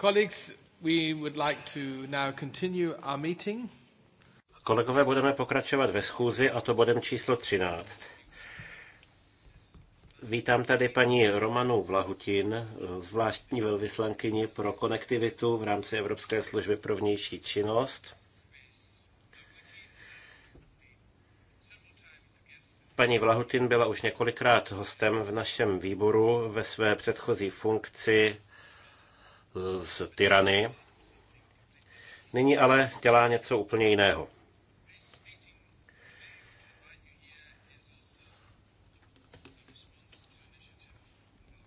Colleagues, we would like to now continue our meeting. Kolegové, budeme pokračovat ve schůzi a to bodem číslo 13. Vítám tady paní Romanu Vlahutin, zvláštní velvyslankyni pro konektivitu v rámci Evropské služby pro vnější činnost. Paní Vlahutin byla už několikrát hostem v našem výboru ve své předchozí funkci z tyrany. Nyní ale dělá něco úplně jiného.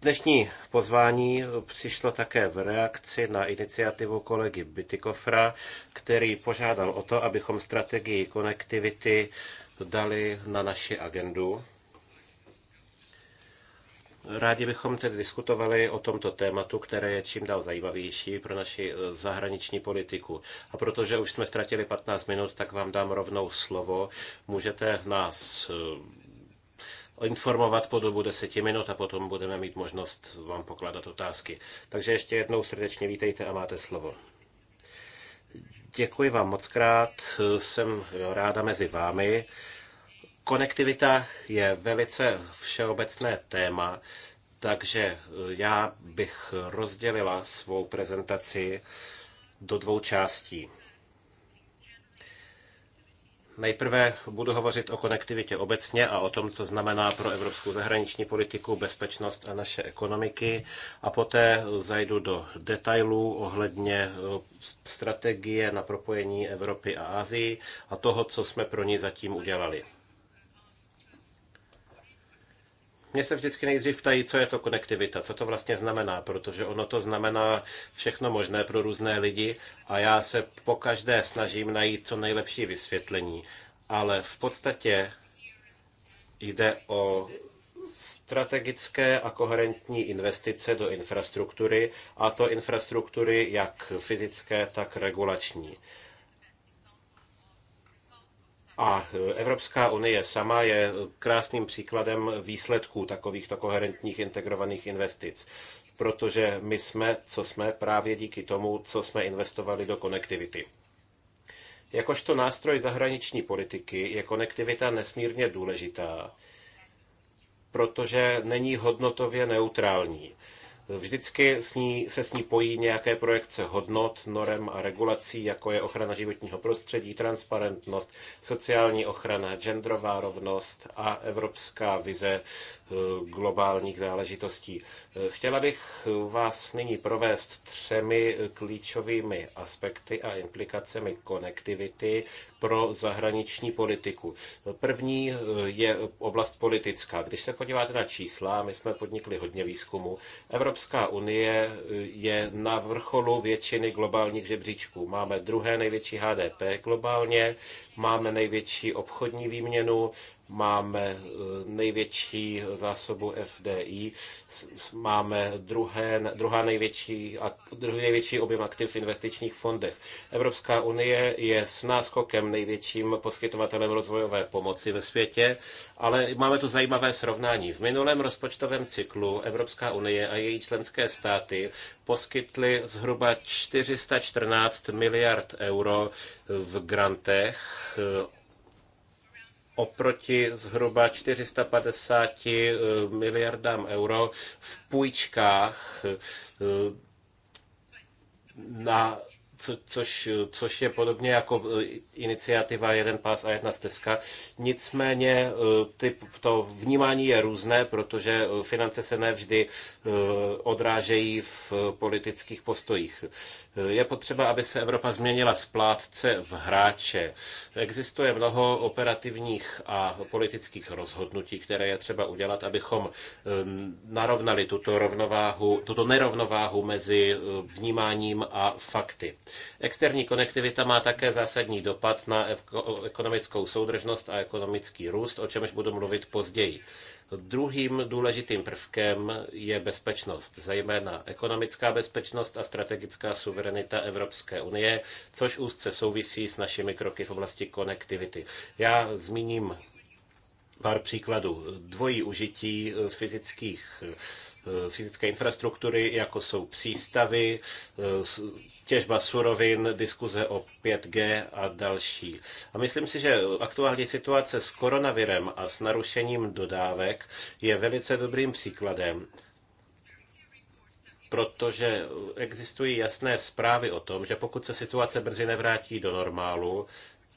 Dnešní pozvání přišlo také v reakci na iniciativu kolegy Bytykofra, který požádal o to, abychom strategii konektivity dali na naši agendu. Rádi bychom tedy diskutovali o tomto tématu, které je čím dál zajímavější pro naši eh, zahraniční politiku. A protože už jsme ztratili 15 minut, tak vám dám rovnou slovo. Můžete nás eh, informovat po dobu 10 minut a potom budeme mít možnost vám pokládat otázky. Takže ještě jednou srdečně vítejte a máte slovo. Děkuji vám moc krát, eh, jsem ráda mezi vámi. Konektivita je velice všeobecné téma, takže eh, já bych rozdělila svou prezentaci do dvou částí. Nejprve budu hovořit o konektivitě obecně a o tom, co znamená pro evropskou zahraniční politiku, bezpečnost a naše ekonomiky. A poté eh, zajdu do detailů ohledně eh, strategie na propojení Evropy a Asii a toho, co jsme pro ní zatím udělali. Mě se vždycky nejdřív ptají, co je to konektivita, co to vlastně znamená, protože ono to znamená všechno možné pro různé lidi a já se po každé snažím najít co nejlepší vysvětlení. Ale v podstatě jde o strategické a koherentní investice do infrastruktury, a to infrastruktury jak fyzické, tak regulační. A Evropská unie sama je krásným příkladem výsledků takovýchto koherentních integrovaných investic protože my jsme, co jsme, právě díky tomu, co jsme investovali do konektivity. Jakožto nástroj zahraniční politiky je konektivita nesmírně důležitá, protože není hodnotově neutrální. Vždycky s ní, se s ní pojí nějaké projekce hodnot, norem a regulací, jako je ochrana životního prostředí, transparentnost, sociální ochrana, genderová rovnost a evropská vize Eh, globálních záležitostí. Eh, chtěla bych vás nyní provést třemi eh, klíčovými aspekty a implikacemi konektivity pro zahraniční politiku. První je oblast politická. Když se podíváte na čísla, my jsme podnikli hodně výzkumu, Evropská unie je na vrcholu většiny globálních žebříčků. Máme druhé největší HDP globálně, máme největší obchodní výměnu, máme eh, největší zásobu FDI, máme druhé, druhá největší, druhý největší objem aktiv v investičních fondech. Evropská unie je s náskokem největším poskytovatelem rozvojové pomoci ve světě, ale máme tu zajímavé srovnání. V minulém rozpočtovém cyklu Evropská unie a její členské státy poskytly zhruba 414 miliard euro v grantech eh, oproti zhruba 450 eh, miliardám euro v půjčkách eh, na co, což, což je podobně jako e, iniciativa Jeden pás a jedna stezka. Nicméně e, ty, to vnímání je různé, protože e, finance se nevždy odrážejí v politických postojích. Je potřeba, aby se Evropa změnila z plátce v hráče. Existuje mnoho operativních a politických rozhodnutí, které je třeba udělat, abychom narovnali tuto rovnováhu, tuto nerovnováhu mezi vnímáním a fakty. Externí konektivita má také zásadní dopad na ekonomickou soudržnost a ekonomický růst, o čemž budu mluvit později. Druhým důležitým prvkem je bezpečnost, zejména ekonomická bezpečnost a strategická suverenita Evropské unie, což úzce souvisí s našimi kroky v oblasti konektivity. Já zmíním pár příkladů. Dvojí užití eh, fyzických Eh, fyzické infrastruktury, jako jsou přístavy, eh, těžba surovin, diskuze o 5G a další. A myslím si, že aktuální situace s koronavirem a s narušením dodávek je velice dobrým příkladem, protože existují jasné zprávy o tom, že pokud se situace brzy nevrátí do normálu,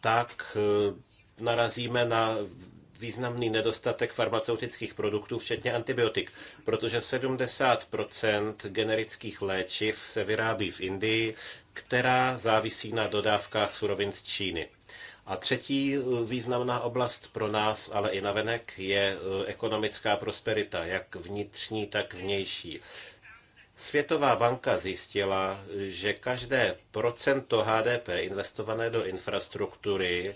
tak eh, narazíme na významný nedostatek farmaceutických produktů, včetně antibiotik, protože 70 generických léčiv se vyrábí v Indii, která závisí na dodávkách surovin z Číny. A třetí eh, významná oblast pro nás, ale i navenek, je eh, ekonomická prosperita, jak vnitřní, tak vnější. Světová banka zjistila, že každé procento HDP investované do infrastruktury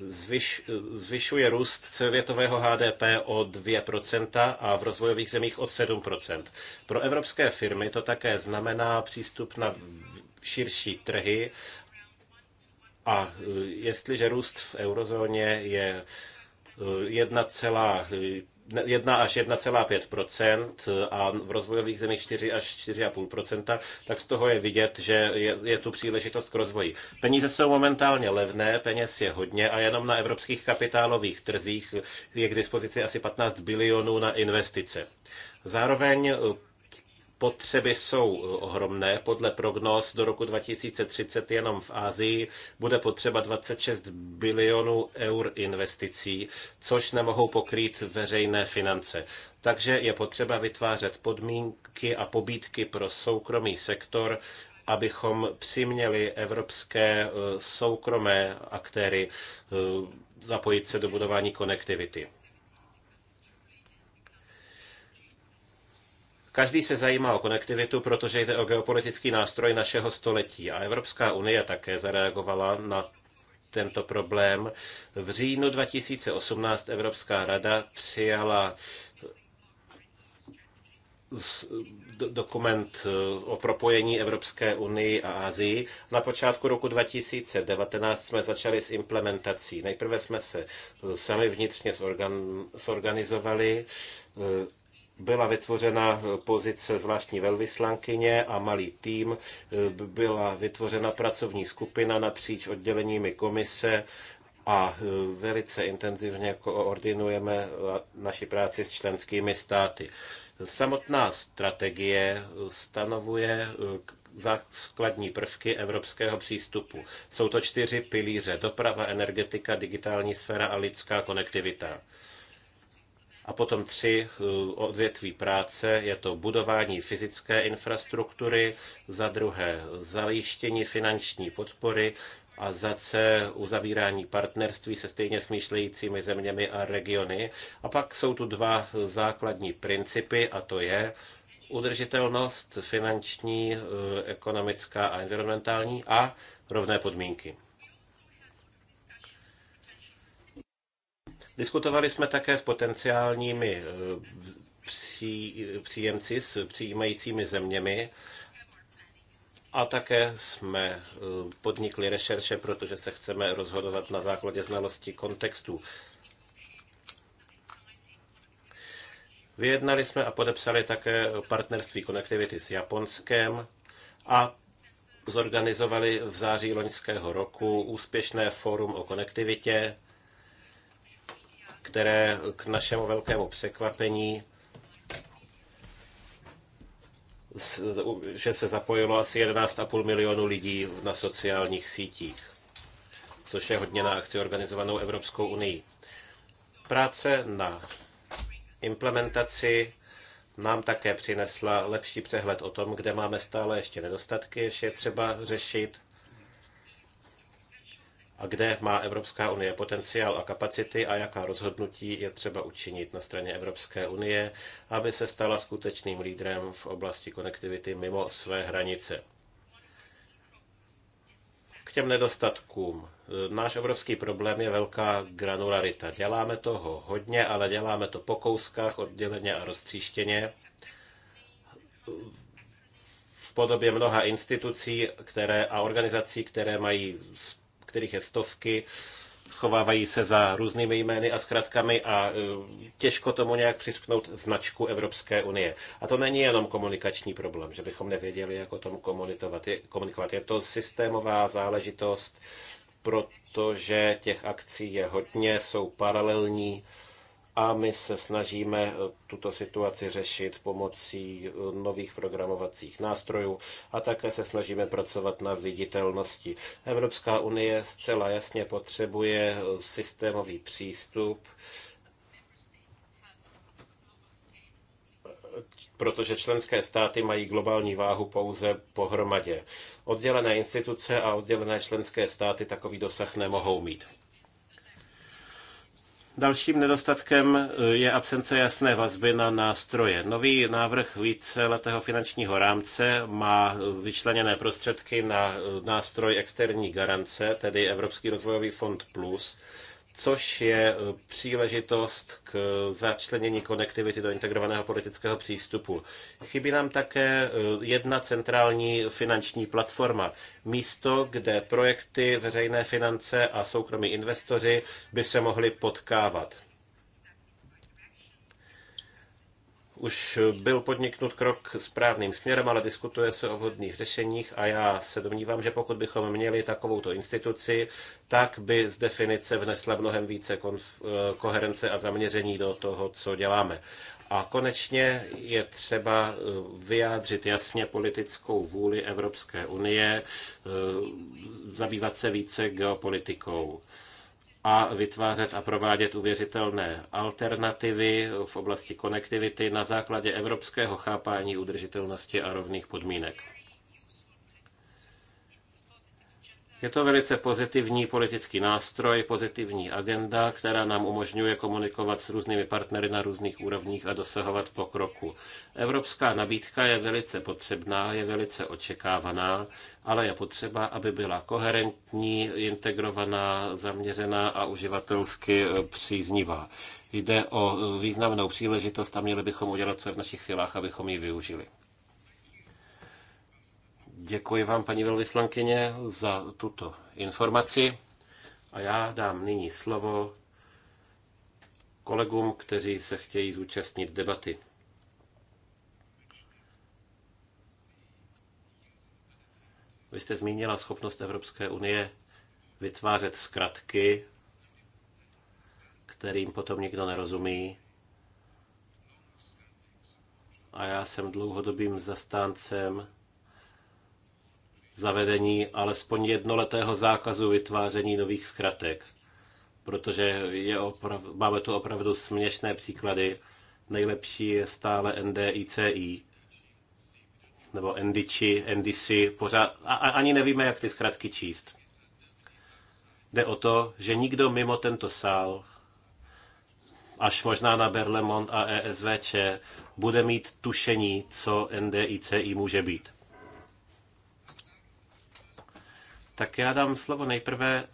zvyš, zvyšuje růst celvětového HDP o 2% a v rozvojových zemích o 7%. Pro evropské firmy to také znamená přístup na širší trhy a e, jestliže růst v eurozóně je e, 1 až 1,5 a v rozvojových zemích 4 až 4,5 tak z toho je vidět, že je, je tu příležitost k rozvoji. Peníze jsou momentálně levné, peněz je hodně a jenom na evropských kapitálových trzích je k dispozici asi 15 bilionů na investice. Zároveň potřeby jsou eh, ohromné. Podle prognóz do roku 2030 jenom v Ázii bude potřeba 26 bilionů eur investicí, což nemohou pokrýt veřejné finance. Takže je potřeba vytvářet podmínky a pobídky pro soukromý sektor, abychom přiměli evropské eh, soukromé aktéry eh, zapojit se do budování konektivity. Každý se zajímá o konektivitu, protože jde o geopolitický nástroj našeho století a Evropská unie také zareagovala na tento problém. V říjnu 2018 Evropská rada přijala dokument eh, o propojení Evropské unii a Asii. Na počátku roku 2019 jsme začali s implementací. Nejprve jsme se eh, sami vnitřně zorganizovali eh, byla vytvořena pozice zvláštní velvyslankyně a malý tým, eh, byla vytvořena pracovní skupina napříč odděleními komise a eh, velice intenzivně koordinujeme naši práci s členskými státy. Samotná strategie stanovuje eh, základní prvky evropského přístupu. Jsou to čtyři pilíře. Doprava, energetika, digitální sféra a lidská konektivita. A potom tři eh, odvětví práce, je to budování fyzické infrastruktury, za druhé zajištění finanční podpory a za C uzavírání partnerství se stejně smýšlejícími zeměmi a regiony. A pak jsou tu dva eh, základní principy a to je udržitelnost finanční, eh, ekonomická a environmentální a rovné podmínky. Diskutovali jsme také s potenciálními eh, příjemci, s přijímajícími zeměmi a také jsme eh, podnikli rešerše, protože se chceme rozhodovat na základě znalosti kontextu. Vyjednali jsme a podepsali také partnerství konektivity s Japonskem a zorganizovali v září loňského roku úspěšné fórum o konektivitě, které k našemu velkému překvapení že se zapojilo asi 11,5 milionu lidí na sociálních sítích, což je hodně na akci organizovanou Evropskou unii. Práce na implementaci nám také přinesla lepší přehled o tom, kde máme stále ještě nedostatky, ještě je třeba řešit a kde má Evropská unie potenciál a kapacity a jaká rozhodnutí je třeba učinit na straně Evropské unie, aby se stala skutečným lídrem v oblasti konektivity mimo své hranice. K těm nedostatkům. Náš obrovský problém je velká granularita. Děláme toho hodně, ale děláme to po kouskách, odděleně a roztříštěně v podobě mnoha institucí které, a organizací, které mají kterých je stovky, schovávají se za různými jmény a zkratkami a e, těžko tomu nějak přispnout značku Evropské unie. A to není jenom komunikační problém, že bychom nevěděli, jak o tom komunikovat. Je to systémová záležitost, protože těch akcí je hodně, jsou paralelní a my se snažíme eh, tuto situaci řešit pomocí eh, nových programovacích nástrojů a také se snažíme pracovat na viditelnosti. Evropská unie zcela jasně potřebuje eh, systémový přístup, protože členské státy mají globální váhu pouze pohromadě. Oddělené instituce a oddělené členské státy takový dosah nemohou mít. Dalším nedostatkem eh, je absence jasné vazby na nástroje. Nový návrh víceletého finančního rámce má eh, vyčleněné prostředky na eh, nástroj externí garance, tedy Evropský rozvojový fond plus, což je e, příležitost k začlenění konektivity do integrovaného politického přístupu. Chybí nám také e, jedna centrální finanční platforma, místo, kde projekty, veřejné finance a soukromí investoři by se mohli potkávat. Už byl podniknut krok správným směrem, ale diskutuje se o vhodných řešeních a já se domnívám, že pokud bychom měli takovouto instituci, tak by z definice vnesla mnohem více eh, koherence a zaměření do toho, co děláme. A konečně je třeba eh, vyjádřit jasně politickou vůli Evropské unie, eh, zabývat se více geopolitikou a vytvářet a provádět uvěřitelné alternativy v oblasti konektivity na základě evropského chápání udržitelnosti a rovných podmínek. Je to velice pozitivní politický nástroj, pozitivní agenda, která nám umožňuje komunikovat s různými partnery na různých úrovních a dosahovat pokroku. Evropská nabídka je velice potřebná, je velice očekávaná, ale je potřeba, aby byla koherentní, integrovaná, zaměřená a uživatelsky eh, příznivá. Jde o eh, významnou příležitost a měli bychom udělat, co je v našich silách, abychom ji využili. Děkuji vám, paní velvyslankyně, za tuto informaci a já dám nyní slovo kolegům, kteří se chtějí zúčastnit debaty. Vy jste zmínila schopnost Evropské unie vytvářet zkratky, kterým potom nikdo nerozumí. A já jsem dlouhodobým zastáncem zavedení alespoň jednoletého zákazu vytváření nových zkratek, protože je oprav, máme tu opravdu směšné příklady. Nejlepší je stále NDICI nebo NDICI, NDICI, pořád, a, ani nevíme, jak ty zkratky číst. Jde o to, že nikdo mimo tento sál, až možná na Berlemont a ESVČ, bude mít tušení, co NDICI může být. Tak já dám slovo nejprve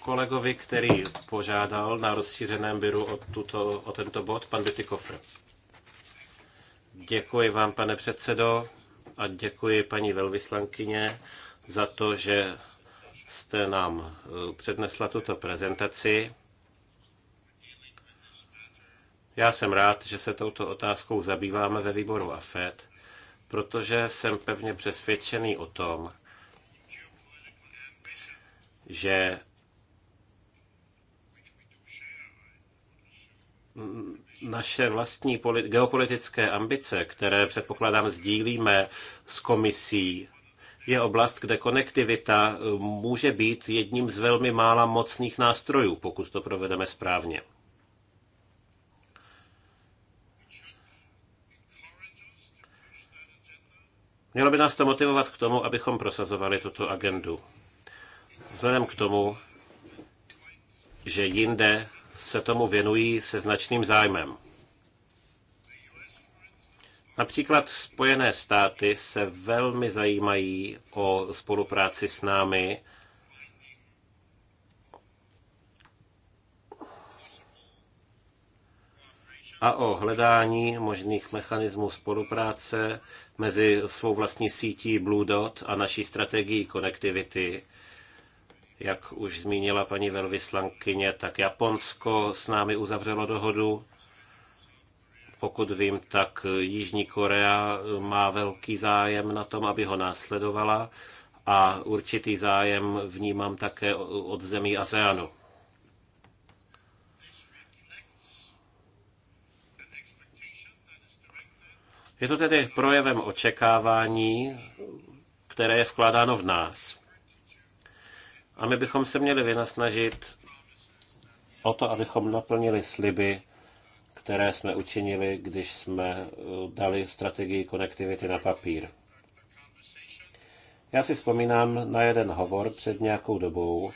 kolegovi, který požádal na rozšířeném byru o, tuto, o tento bod, pan Bytykofr. Děkuji vám, pane předsedo, a děkuji paní velvyslankyně za to, že jste nám eh, přednesla tuto prezentaci. Já jsem rád, že se touto otázkou zabýváme ve výboru AFED, protože jsem pevně přesvědčený o tom, že naše vlastní geopolitické ambice, které předpokládám sdílíme s komisí, je oblast, kde konektivita může být jedním z velmi mála mocných nástrojů, pokud to provedeme správně. Mělo by nás to motivovat k tomu, abychom prosazovali tuto agendu. Vzhledem k tomu, že jinde se tomu věnují se značným zájmem. Například Spojené státy se velmi zajímají o spolupráci s námi. a o hledání možných mechanismů spolupráce mezi svou vlastní sítí Blue Dot a naší strategií konektivity jak už zmínila paní velvyslankyně, tak Japonsko s námi uzavřelo dohodu. Pokud vím, tak Jižní Korea má velký zájem na tom, aby ho následovala a určitý zájem vnímám také od zemí ASEANu. Je to tedy projevem očekávání, které je vkládáno v nás. A my bychom se měli vynasnažit o to, abychom naplnili sliby, které jsme učinili, když jsme eh, dali strategii konektivity na papír. Já si vzpomínám na jeden hovor před nějakou dobou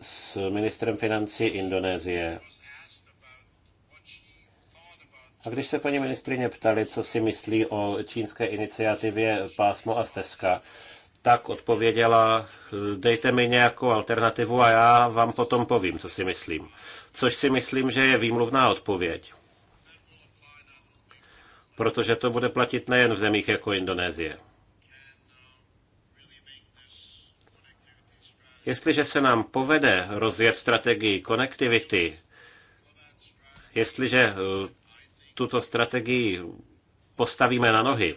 s ministrem financí Indonésie. A když se paní ministrině ptali, co si myslí o čínské iniciativě Pásmo a stezka, tak odpověděla, dejte mi nějakou alternativu a já vám potom povím, co si myslím. Což si myslím, že je výmluvná odpověď. Protože to bude platit nejen v zemích jako Indonésie. Jestliže se nám povede rozjet strategii konektivity, jestliže eh, tuto strategii postavíme na nohy,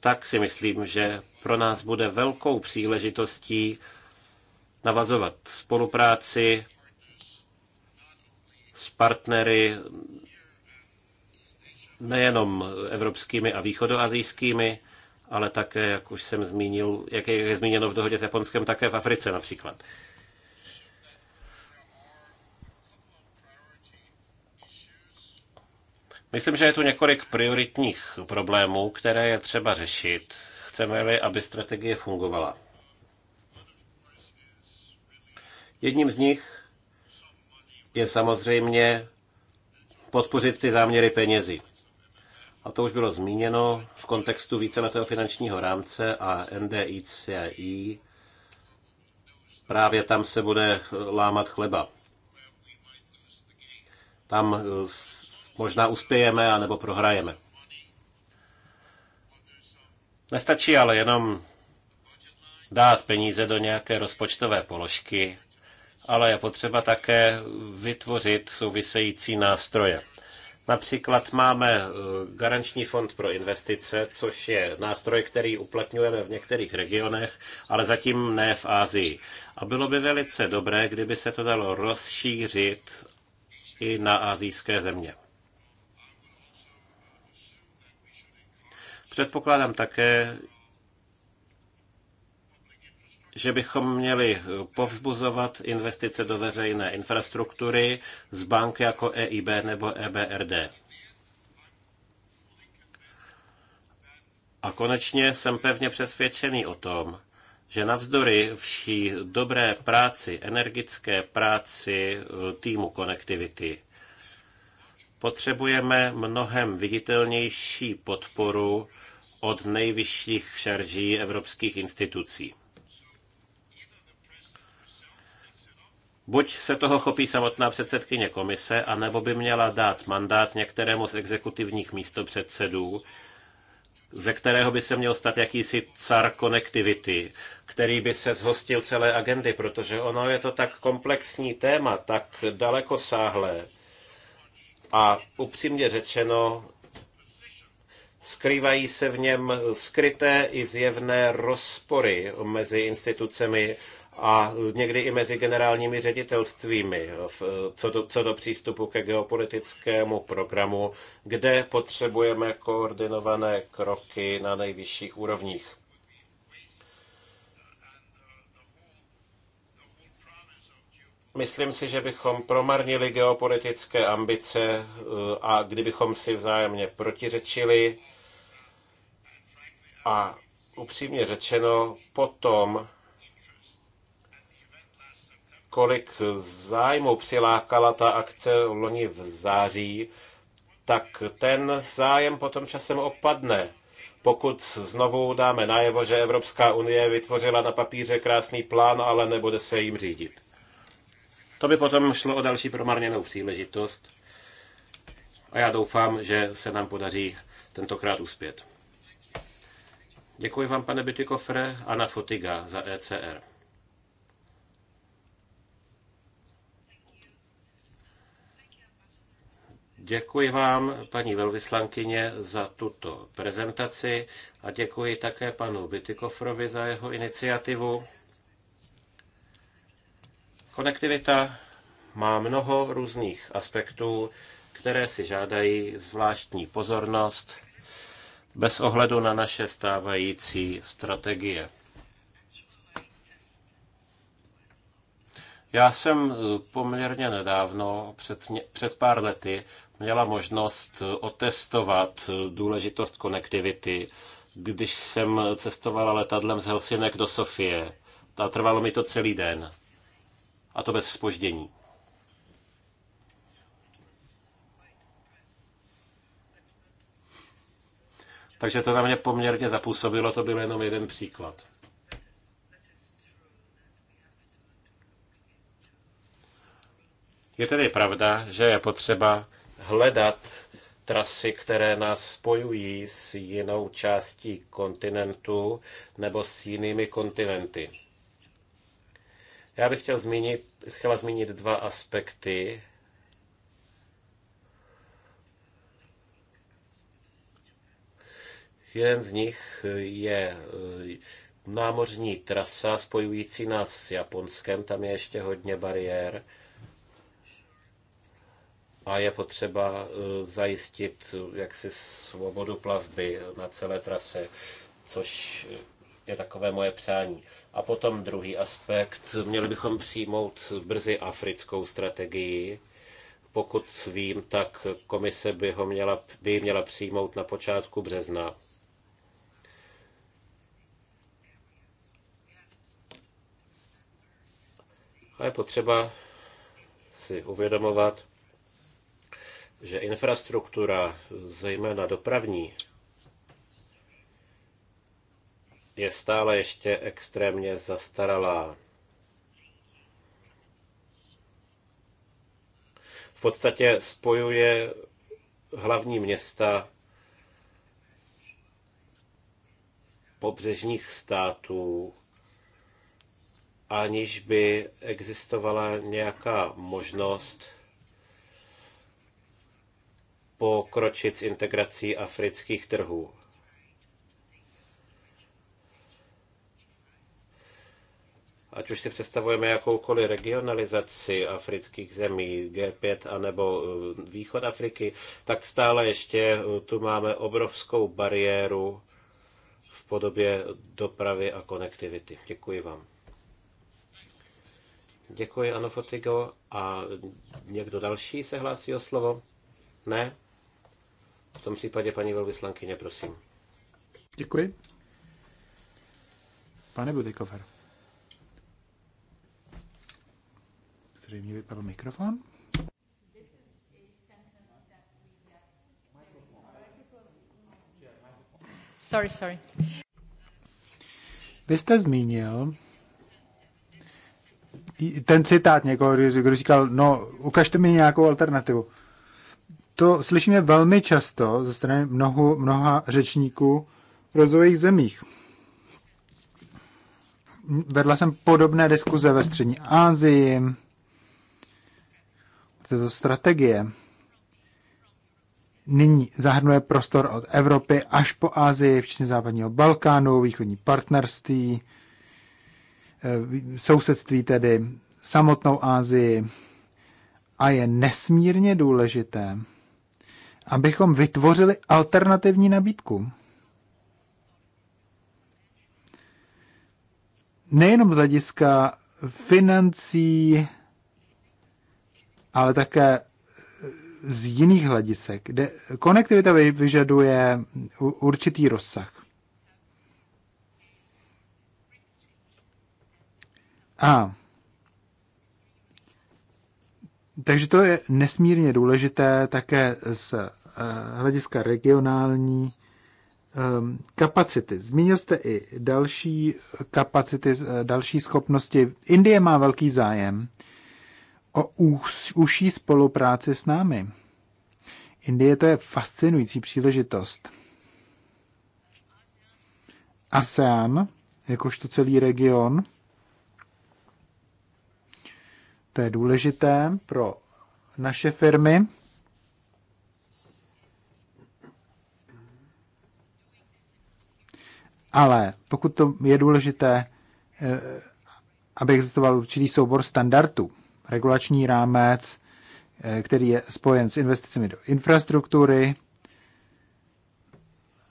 tak si myslím, že pro nás bude velkou příležitostí navazovat spolupráci s partnery nejenom evropskými a východoazijskými, ale také, jak už jsem zmínil, jak je zmíněno v dohodě s Japonskem, také v Africe například. Myslím, že je tu několik prioritních problémů, které je třeba řešit, chceme-li, aby strategie fungovala. Jedním z nich je samozřejmě podpořit ty záměry penězi. A to už bylo zmíněno v kontextu víceletého finančního rámce a NDICI. Právě tam se bude lámat chleba. Tam Možná uspějeme, anebo prohrajeme. Nestačí ale jenom dát peníze do nějaké rozpočtové položky, ale je potřeba také vytvořit související nástroje. Například máme eh, garanční fond pro investice, což je nástroj, který uplatňujeme v některých regionech, ale zatím ne v Ázii. A bylo by velice dobré, kdyby se to dalo rozšířit i na azijské země. Předpokládám také, že bychom měli povzbuzovat investice do veřejné infrastruktury z bank jako EIB nebo EBRD. A konečně jsem pevně přesvědčený o tom, že navzdory vší dobré práci, energické práci eh, týmu konektivity, Potřebujeme mnohem viditelnější podporu od nejvyšších šarží evropských institucí. Buď se toho chopí samotná předsedkyně komise, anebo by měla dát mandát některému z exekutivních místopředsedů, ze kterého by se měl stát jakýsi car connectivity, který by se zhostil celé agendy, protože ono je to tak komplexní téma, tak daleko sáhlé, a upřímně řečeno skrývají se v něm skryté i zjevné rozpory mezi institucemi a někdy i mezi generálními ředitelstvími co do, co do přístupu ke geopolitickému programu, kde potřebujeme koordinované kroky na nejvyšších úrovních. Myslím si, že bychom promarnili geopolitické ambice eh, a kdybychom si vzájemně protiřečili a upřímně řečeno potom, kolik zájmu přilákala ta akce loni v září, tak ten zájem potom časem opadne. Pokud znovu dáme najevo, že Evropská unie vytvořila na papíře krásný plán, ale nebude se jim řídit. To by potom šlo o další promarněnou příležitost a já doufám, že se nám podaří tentokrát uspět. Děkuji vám, pane Bytykofre, a na Fotiga za ECR. Děkuji vám, paní velvyslankyně, za tuto prezentaci a děkuji také panu Bytykofrovi za jeho iniciativu. Konektivita má mnoho různých aspektů, které si žádají zvláštní pozornost bez ohledu na naše stávající strategie. Já jsem eh, poměrně nedávno, před, před pár lety, měla možnost eh, otestovat eh, důležitost konektivity, když jsem cestovala letadlem z Helsinek do Sofie. A trvalo mi to celý den a to bez spoždění. Takže to na mě poměrně zapůsobilo, to byl jenom jeden příklad. Je tedy pravda, že je potřeba hledat trasy, které nás spojují s jinou částí kontinentu nebo s jinými kontinenty. Já bych chtěl zmínit, chtěla zmínit dva aspekty. Jeden z nich je eh, námořní trasa spojující nás s Japonskem. Tam je ještě hodně bariér a je potřeba eh, zajistit eh, jaksi svobodu plavby na celé trase, což je takové moje přání. A potom druhý aspekt, měli bychom přijmout brzy africkou strategii. Pokud vím, tak komise by, ho měla, by ji měla přijmout na počátku března. A je potřeba si uvědomovat, že infrastruktura, zejména dopravní, je stále ještě extrémně zastaralá. V podstatě spojuje hlavní města pobřežních států, aniž by existovala nějaká možnost pokročit s integrací afrických trhů. ať už si představujeme jakoukoliv regionalizaci afrických zemí, G5 anebo eh, východ Afriky, tak stále ještě eh, tu máme obrovskou bariéru v podobě dopravy a konektivity. Děkuji vám. Děkuji, Ano Fotigo. A někdo další se hlásí o slovo? Ne? V tom případě paní velvyslankyně, prosím. Děkuji. Pane Budikover. Zřejmě vypadl mikrofon. Sorry, sorry. Vy jste zmínil ten citát někoho, kdo říkal, no, ukažte mi nějakou alternativu. To slyšíme velmi často ze strany mnoho, mnoha řečníků v rozvojových zemích. Vedla jsem podobné diskuze ve střední Ázii, této strategie nyní zahrnuje prostor od Evropy až po Asii, včetně západního Balkánu, východní partnerství, eh, sousedství tedy, samotnou Asii. A je nesmírně důležité, abychom vytvořili alternativní nabídku. Nejenom z hlediska financí, ale také z jiných hledisek, kde konektivita vyžaduje určitý rozsah. A takže to je nesmírně důležité také z eh, hlediska regionální ehm, kapacity. Zmínil jste i další kapacity, eh, další schopnosti. Indie má velký zájem o užší spolupráci s námi. Indie to je fascinující příležitost. ASEAN, jakožto celý region, to je důležité pro naše firmy. Ale pokud to je důležité, eh, aby existoval určitý soubor standardů, regulační rámec, eh, který je spojen s investicemi do infrastruktury,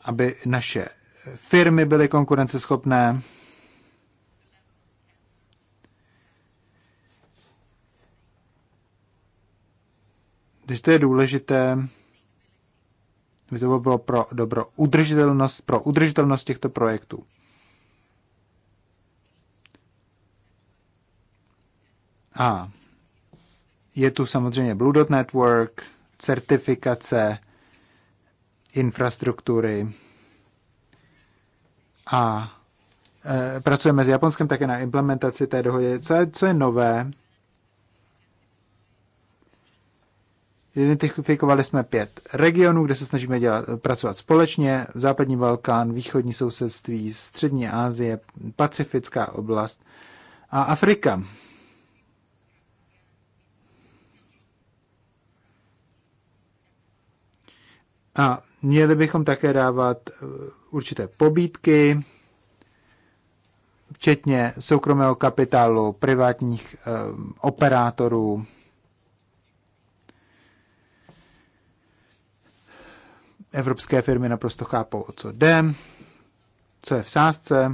aby naše firmy byly konkurenceschopné. Když to je důležité, aby to bylo pro dobro udržitelnost, pro udržitelnost těchto projektů. A je tu samozřejmě Blue Dot Network, certifikace infrastruktury a e, pracujeme s Japonskem také na implementaci té dohody. Co je, co je nové? Identifikovali jsme pět regionů, kde se snažíme dělat, pracovat společně. Západní Balkán, východní sousedství, střední Asie, pacifická oblast a Afrika. A měli bychom také dávat eh, určité pobídky, včetně soukromého kapitálu, privátních eh, operátorů. Evropské firmy naprosto chápou, o co jde, co je v sázce.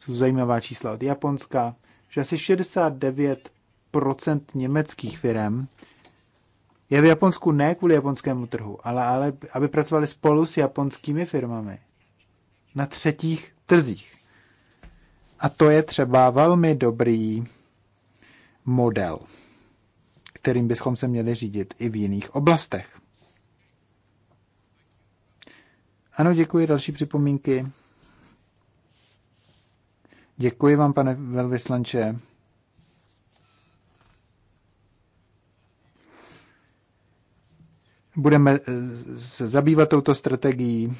Jsou zajímavá čísla od Japonska, že asi 69% německých firm je v Japonsku ne kvůli japonskému trhu, ale, ale aby pracovali spolu s japonskými firmami na třetích trzích. A to je třeba velmi dobrý model, kterým bychom se měli řídit i v jiných oblastech. Ano, děkuji. Další připomínky. Děkuji vám, pane velvyslanče. budeme eh, se zabývat touto strategií.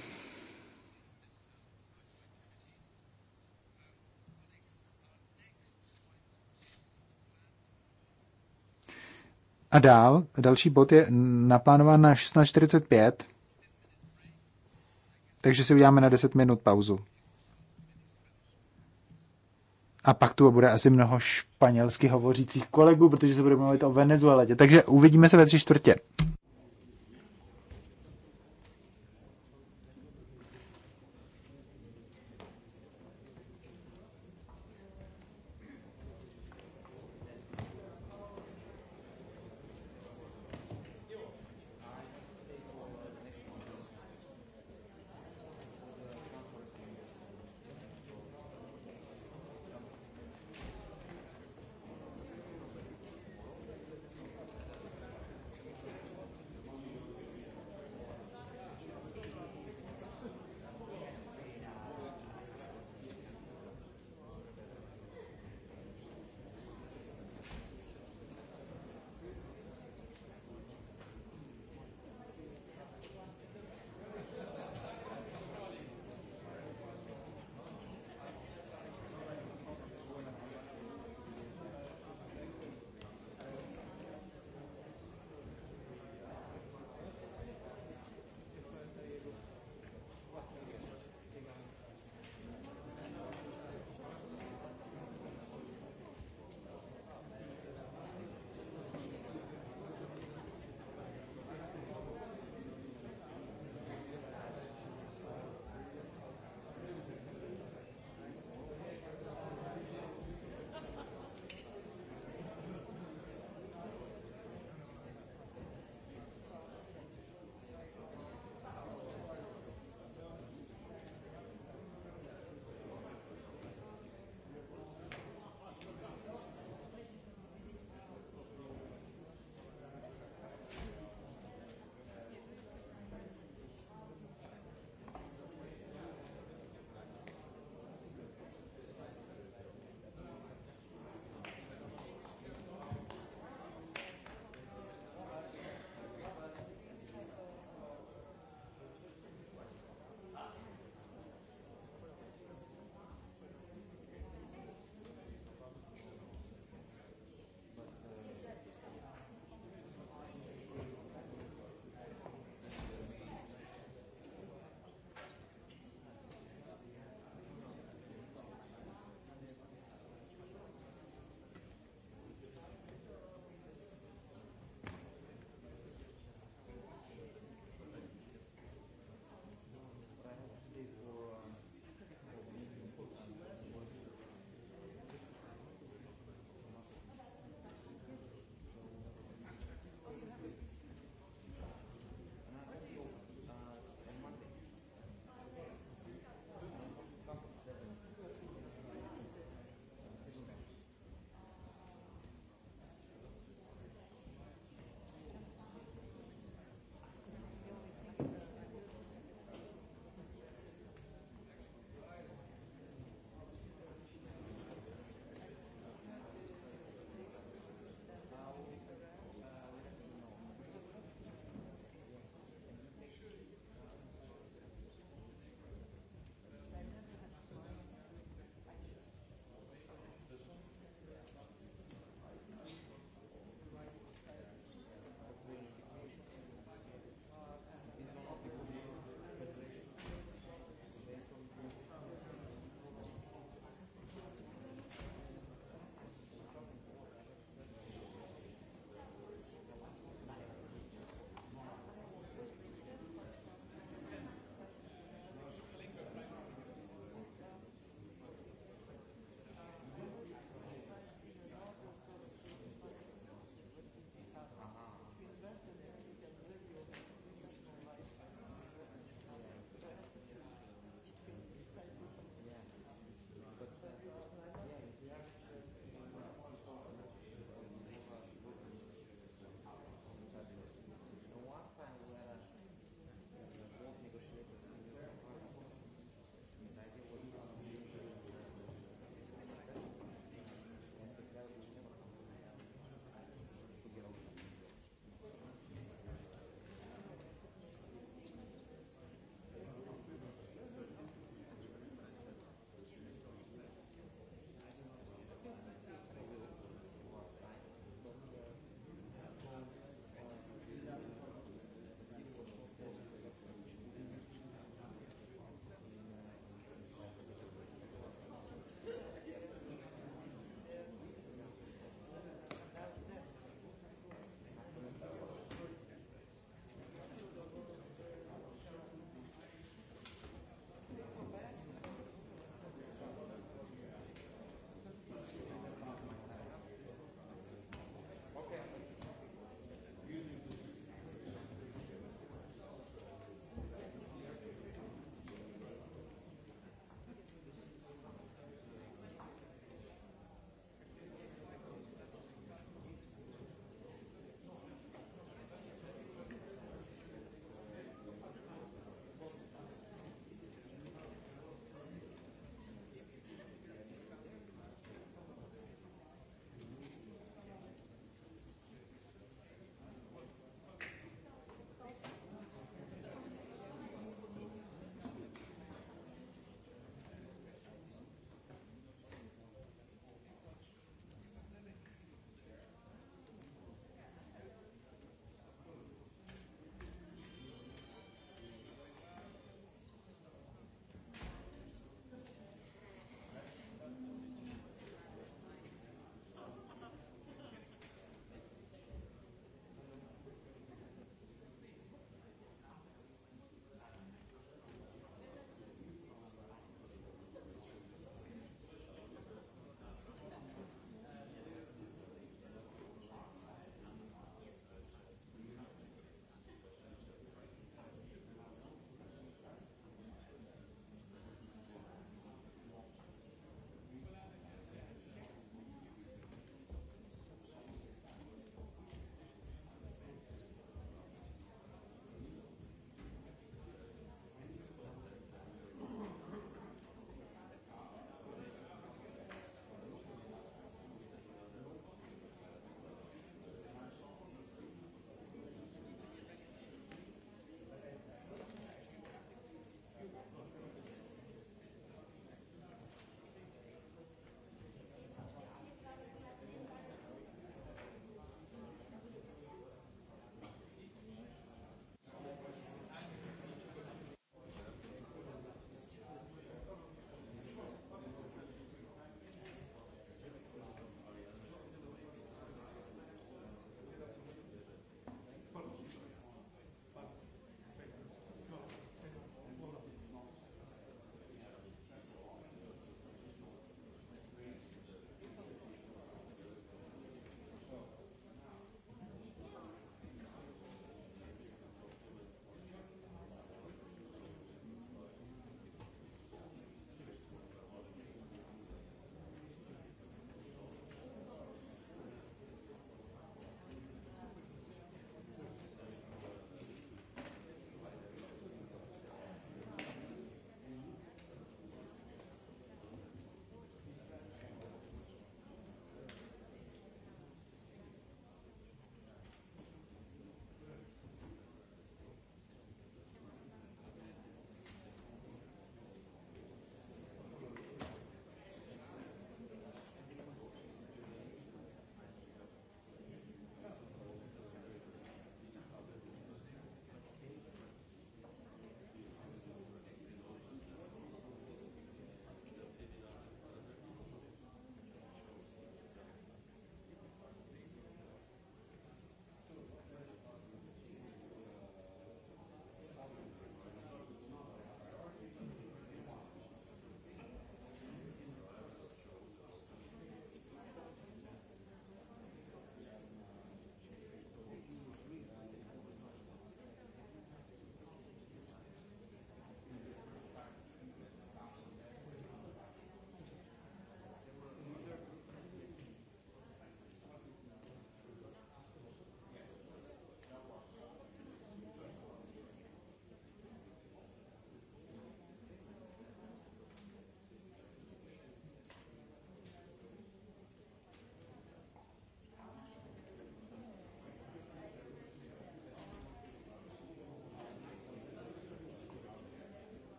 A dál, další bod je naplánován na 16.45, takže si uděláme na 10 minut pauzu. A pak tu bude asi mnoho španělsky hovořících kolegů, protože se bude mluvit o Venezuele. Takže uvidíme se ve tři čtvrtě.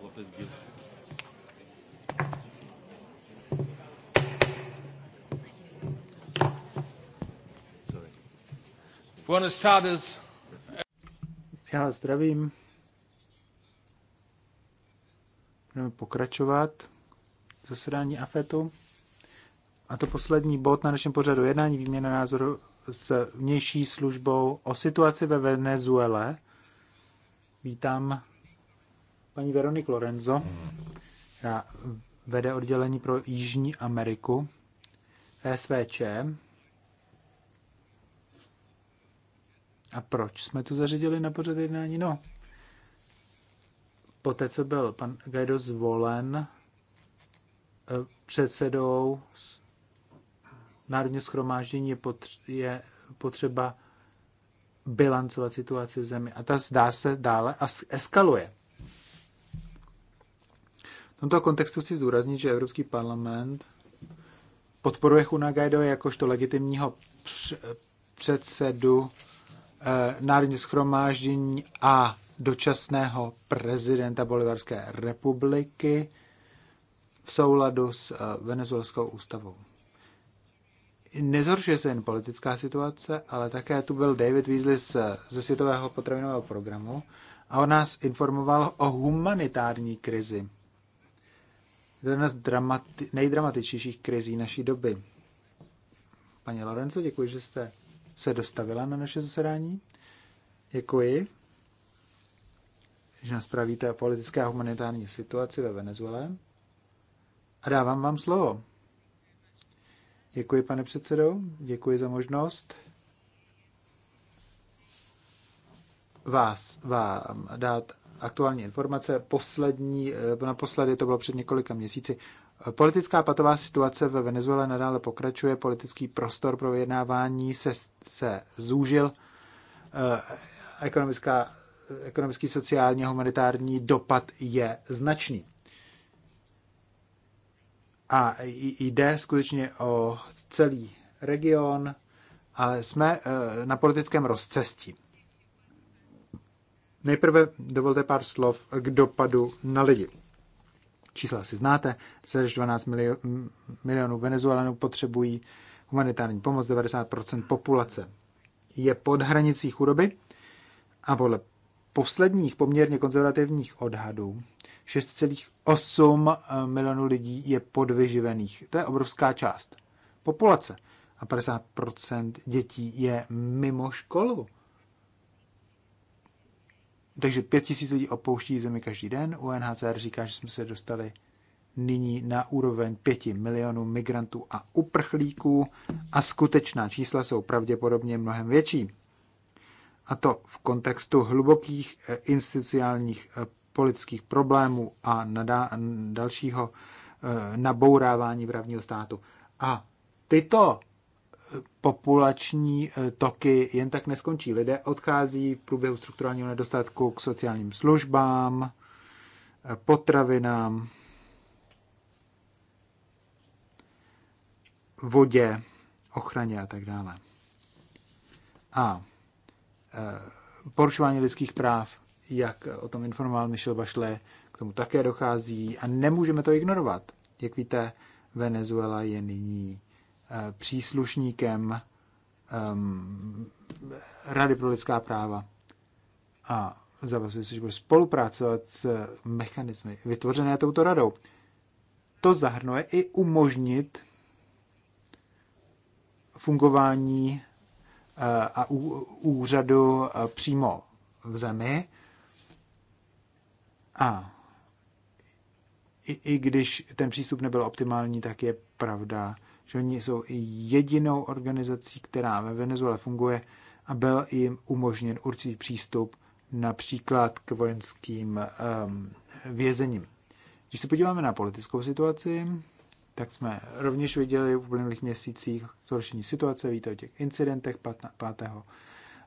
López Gil. Buenas tardes. Já zdravím. Budeme pokračovat v zasedání AFETu. A to poslední bod na našem pořadu jednání výměna názoru s vnější službou o situaci ve Venezuele. Vítám paní Veroniku Lorenzo, která vede oddělení pro Jižní Ameriku SVČ. A proč jsme tu zařadili na pořad jednání? No, poté, co byl pan Gajdo zvolen eh, předsedou Národního schromáždění, je potřeba bilancovat situaci v zemi. A ta zdá se dále a eskaluje. V tomto kontextu chci zdůraznit, že Evropský parlament podporuje Huna Gaido jakožto legitimního předsedu eh, Národní schromáždění a dočasného prezidenta Bolivarské republiky v souladu s eh, venezuelskou ústavou nezhoršuje se jen politická situace, ale také tu byl David Weasley z, ze Světového potravinového programu a on nás informoval o humanitární krizi. To je jedna z dramati- krizí naší doby. Paní Lorenzo, děkuji, že jste se dostavila na naše zasedání. Děkuji, že nás pravíte o politické a humanitární situaci ve Venezuele. A dávám vám slovo. Děkuji, pane předsedo, děkuji za možnost vás, vám dát aktuální informace. Poslední, eh, naposledy to bylo před několika měsíci. Politická patová situace ve Venezuele nadále pokračuje, politický prostor pro vyjednávání se, se zúžil, eh, ekonomická, ekonomický, sociální a humanitární dopad je značný. A jde skutečně o celý region, ale jsme eh, na politickém rozcestí. Nejprve dovolte pár slov k dopadu na lidi. Čísla si znáte, 12 milionů Venezuelanů potřebují humanitární pomoc, 90% populace je pod hranicí chudoby a podle posledních poměrně konzervativních odhadů 6,8 eh, milionů lidí je podvyživených. To je obrovská část populace. A 50% dětí je mimo školu. Takže 5 tisíc lidí opouští zemi každý den. UNHCR říká, že jsme se dostali nyní na úroveň 5 milionů migrantů a uprchlíků a skutečná čísla jsou pravděpodobně mnohem větší. A to v kontextu hlubokých eh, institucionálních eh, politických problémů a nadá, dalšího eh, nabourávání právního státu. A tyto eh, populační eh, toky jen tak neskončí. Lidé odchází v průběhu strukturálního nedostatku k sociálním službám, potravinám, vodě, ochraně a tak dále. A porušování lidských práv jak o tom informoval Michel Bašle, k tomu také dochází a nemůžeme to ignorovat. Jak víte, Venezuela je nyní eh, příslušníkem um, Rady pro lidská práva a zavazuje se, že bude spolupracovat s mechanismy vytvořené touto radou. To zahrnuje i umožnit fungování eh, a úřadu eh, přímo v zemi a i, i když ten přístup nebyl optimální, tak je pravda, že oni jsou jedinou organizací, která ve Venezuele funguje a byl jim umožněn určitý přístup například k vojenským um, vězením. Když se podíváme na politickou situaci, tak jsme rovněž viděli v uplynulých měsících zhoršení situace, víte o těch incidentech 5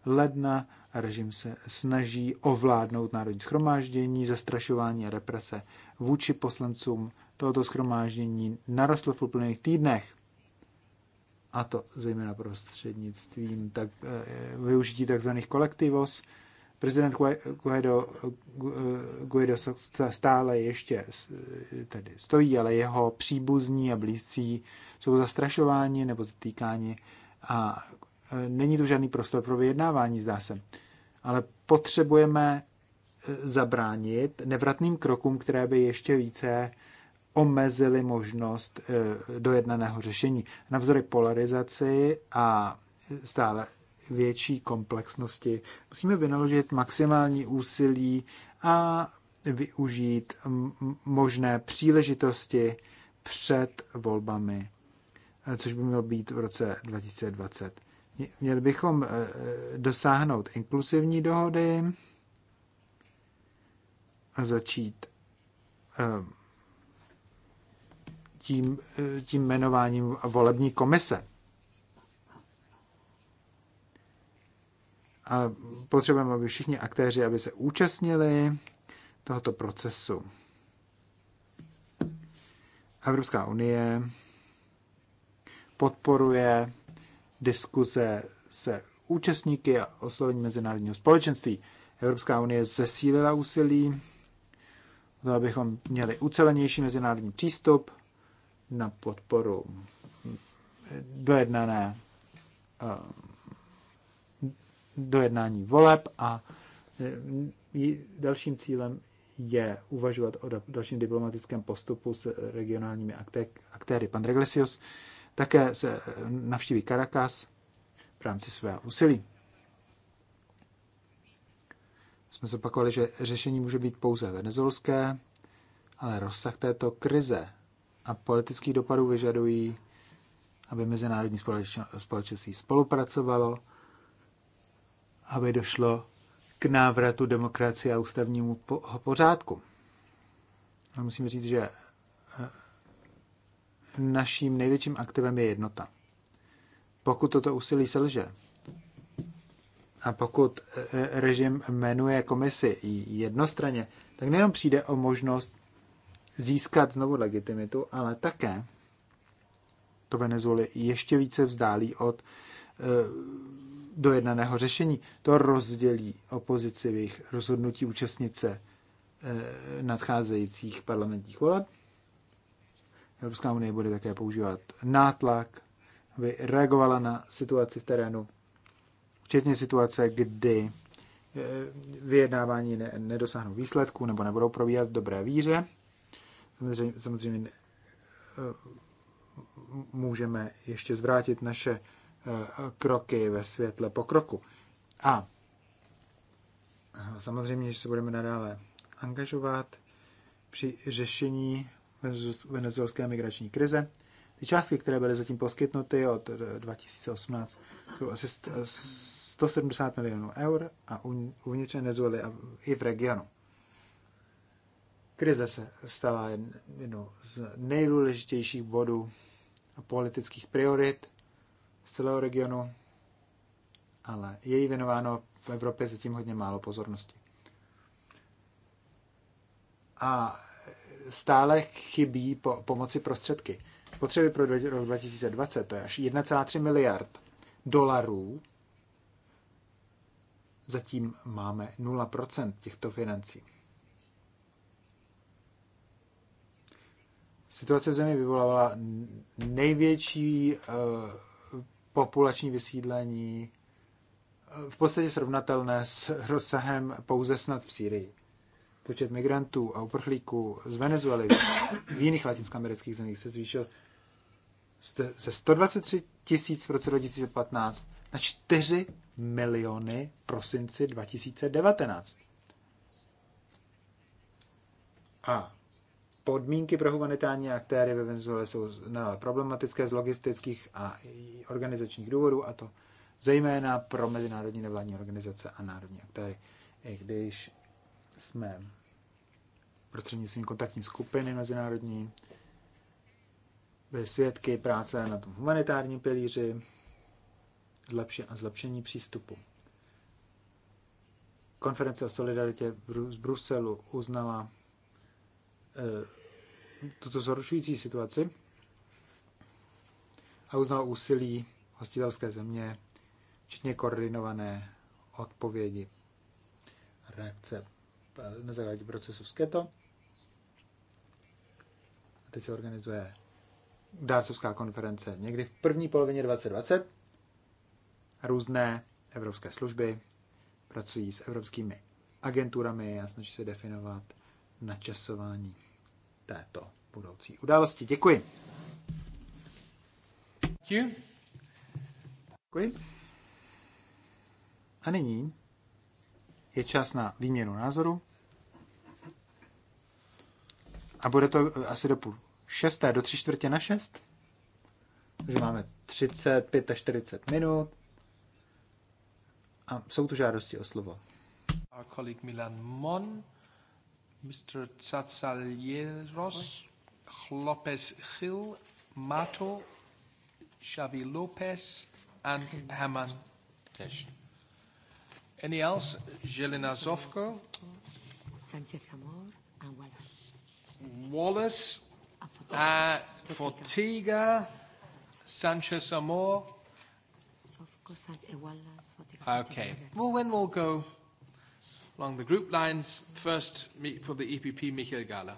ledna. Režim se snaží ovládnout národní schromáždění, zastrašování a represe vůči poslancům tohoto schromáždění narostlo v úplných týdnech. A to zejména prostřednictvím tak, eh, využití tzv. kolektivos. Prezident Guaido, eh, Guaido stále ještě eh, tedy stojí, ale jeho příbuzní a blízcí jsou zastrašováni nebo zatýkáni a Není tu žádný prostor pro vyjednávání, zdá se. Ale potřebujeme eh, zabránit nevratným krokům, které by ještě více omezily možnost eh, dojednaného řešení. Navzory polarizaci a stále větší komplexnosti musíme vynaložit maximální úsilí a využít možné příležitosti před volbami, eh, což by mělo být v roce 2020. Měli bychom eh, eh, dosáhnout inkluzivní dohody a začít eh, tím, tím jmenováním volební komise. A potřebujeme, aby všichni aktéři, aby se účastnili tohoto procesu. Evropská unie podporuje diskuze se účastníky a oslovení mezinárodního společenství. Evropská unie zesílila úsilí, to, abychom měli ucelenější mezinárodní přístup na podporu dojednané eh, dojednání voleb a eh, dalším cílem je uvažovat o dalším diplomatickém postupu s regionálními aktéry. Pan Reglesios také se eh, navštíví Caracas v rámci svého úsilí. Jsme zopakovali, že řešení může být pouze venezolské, ale rozsah této krize a politických dopadů vyžadují, aby mezinárodní společenství spolupracovalo, aby došlo k návratu demokracie a ústavnímu pořádku. A musím říct, že naším největším aktivem je jednota. Pokud toto úsilí selže a pokud e, e, režim jmenuje komisi jednostranně, tak nejenom přijde o možnost získat znovu legitimitu, ale také to Venezuely ještě více vzdálí od e, dojednaného řešení. To rozdělí opozici v jejich rozhodnutí účastnice nadcházejících parlamentních voleb Evropská unie bude také používat nátlak, aby reagovala na situaci v terénu, včetně situace, kdy eh, vyjednávání ne, nedosáhnou výsledku nebo nebudou probíhat v dobré víře. Samozřejmě, samozřejmě eh, můžeme ještě zvrátit naše eh, kroky ve světle pokroku. A samozřejmě, že se budeme nadále angažovat při řešení venezuelské migrační krize. Ty částky, které byly zatím poskytnuty od 2018, eh, jsou asi 170 eh, milionů eur a uvnitř Venezuely a i v regionu. Krize se stala jednou z nejdůležitějších bodů a politických priorit z celého regionu, ale je jí věnováno v Evropě zatím hodně málo pozornosti. A stále chybí po, pomoci prostředky. Potřeby pro rok 2020 to je až 1,3 miliard dolarů. Zatím máme 0% těchto financí. Situace v zemi vyvolávala největší uh, populační vysídlení, eh, v podstatě srovnatelné s rozsahem pouze snad v Sýrii počet migrantů a uprchlíků z Venezuely v jiných latinskoamerických zemích se zvýšil ze 123 tisíc v roce 2015 na 4 miliony v prosinci 2019. A podmínky pro humanitární aktéry ve Venezuele jsou problematické z logistických a organizačních důvodů, a to zejména pro mezinárodní nevládní organizace a národní aktéry, i když jsme prostřednictvím kontaktní skupiny mezinárodní, byli svědky práce na tom humanitárním pilíři a zlepšení přístupu. Konference o solidaritě z Bruselu uznala e, tuto zhoršující situaci a uznala úsilí hostitelské země, včetně koordinované odpovědi reakce na základě procesu z Keto. A teď se organizuje dárcovská konference někdy v první polovině 2020. Různé evropské služby pracují s evropskými agenturami a snaží se definovat načasování této budoucí události. Děkuji. Děkuji. A nyní je čas na výměnu názoru. A bude to asi do půl šesté, do tři čtvrtě na šest. Takže máme až 40 minut. A jsou tu žádosti o slovo. Our colleague Milan Mon, Mr. Tsatsalieros, Chlopes Gil, Mato, Xavi López and Haman Tesh. Any Jelena Zovko. Sanchez Amor Wallace. Fortiga. Uh, Sanchez Amor. Eh, okay. Well, then we'll go along the group lines. First, for the EPP, Michael Gala.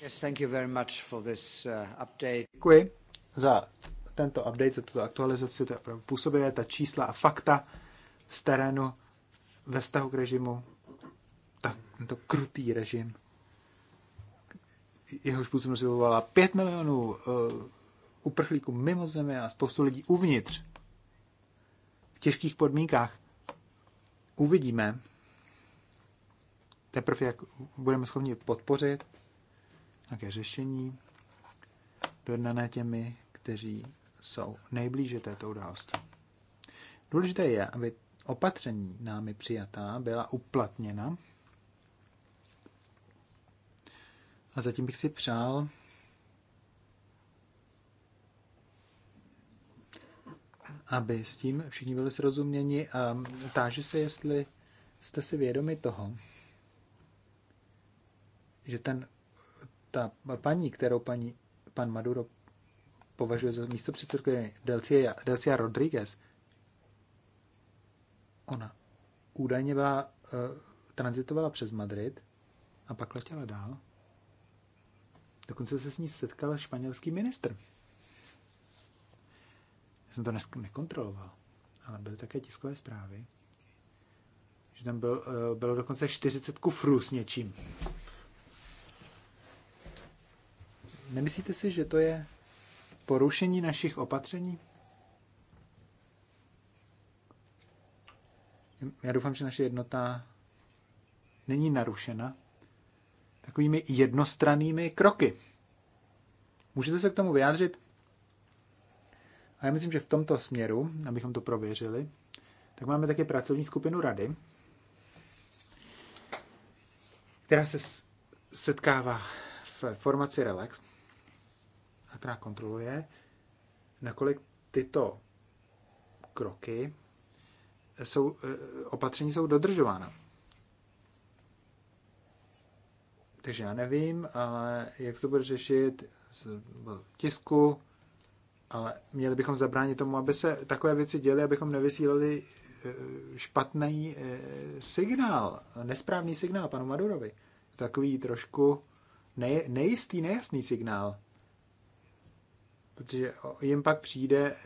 Yes, thank you very much for this uh, update. Děkuji za tento update, za tuto aktualizaci, to je opravdu působivé, ta čísla a fakta z terénu ve vztahu k režimu, tak tento krutý režim, jehož působnost vyvolala 5 milionů uh, uprchlíků mimo země a spoustu lidí uvnitř v těžkých podmínkách. Uvidíme teprve, jak budeme schopni podpořit nějaké řešení dodané těmi, kteří jsou nejblíže této události. Důležité je, aby opatření námi přijatá byla uplatněna. A zatím bych si přál, aby s tím všichni byli srozuměni a táži se, jestli jste si vědomi toho, že ten, ta paní, kterou paní, pan Maduro považuje za místo předsedkyně Delcia, Delcia Rodriguez, Ona údajně byla, uh, transitovala přes Madrid a pak letěla dál. Dokonce se s ní setkal španělský ministr. Já jsem to dnes nekontroloval, ale byly také tiskové zprávy, že tam byl, uh, bylo dokonce 40 kufrů s něčím. Nemyslíte si, že to je porušení našich opatření? já doufám, že naše jednota není narušena takovými jednostrannými kroky. Můžete se k tomu vyjádřit? A já myslím, že v tomto směru, abychom to prověřili, tak máme také pracovní skupinu rady, která se setkává v formaci Relax a která kontroluje, nakolik tyto kroky jsou, eh, opatření jsou dodržována. Takže já nevím, ale jak to bude řešit z tisku, ale měli bychom zabránit tomu, aby se takové věci děly, abychom nevysílali eh, špatný eh, signál, nesprávný signál panu Madurovi. Takový trošku nejistý, nejasný signál. Protože jim pak přijde,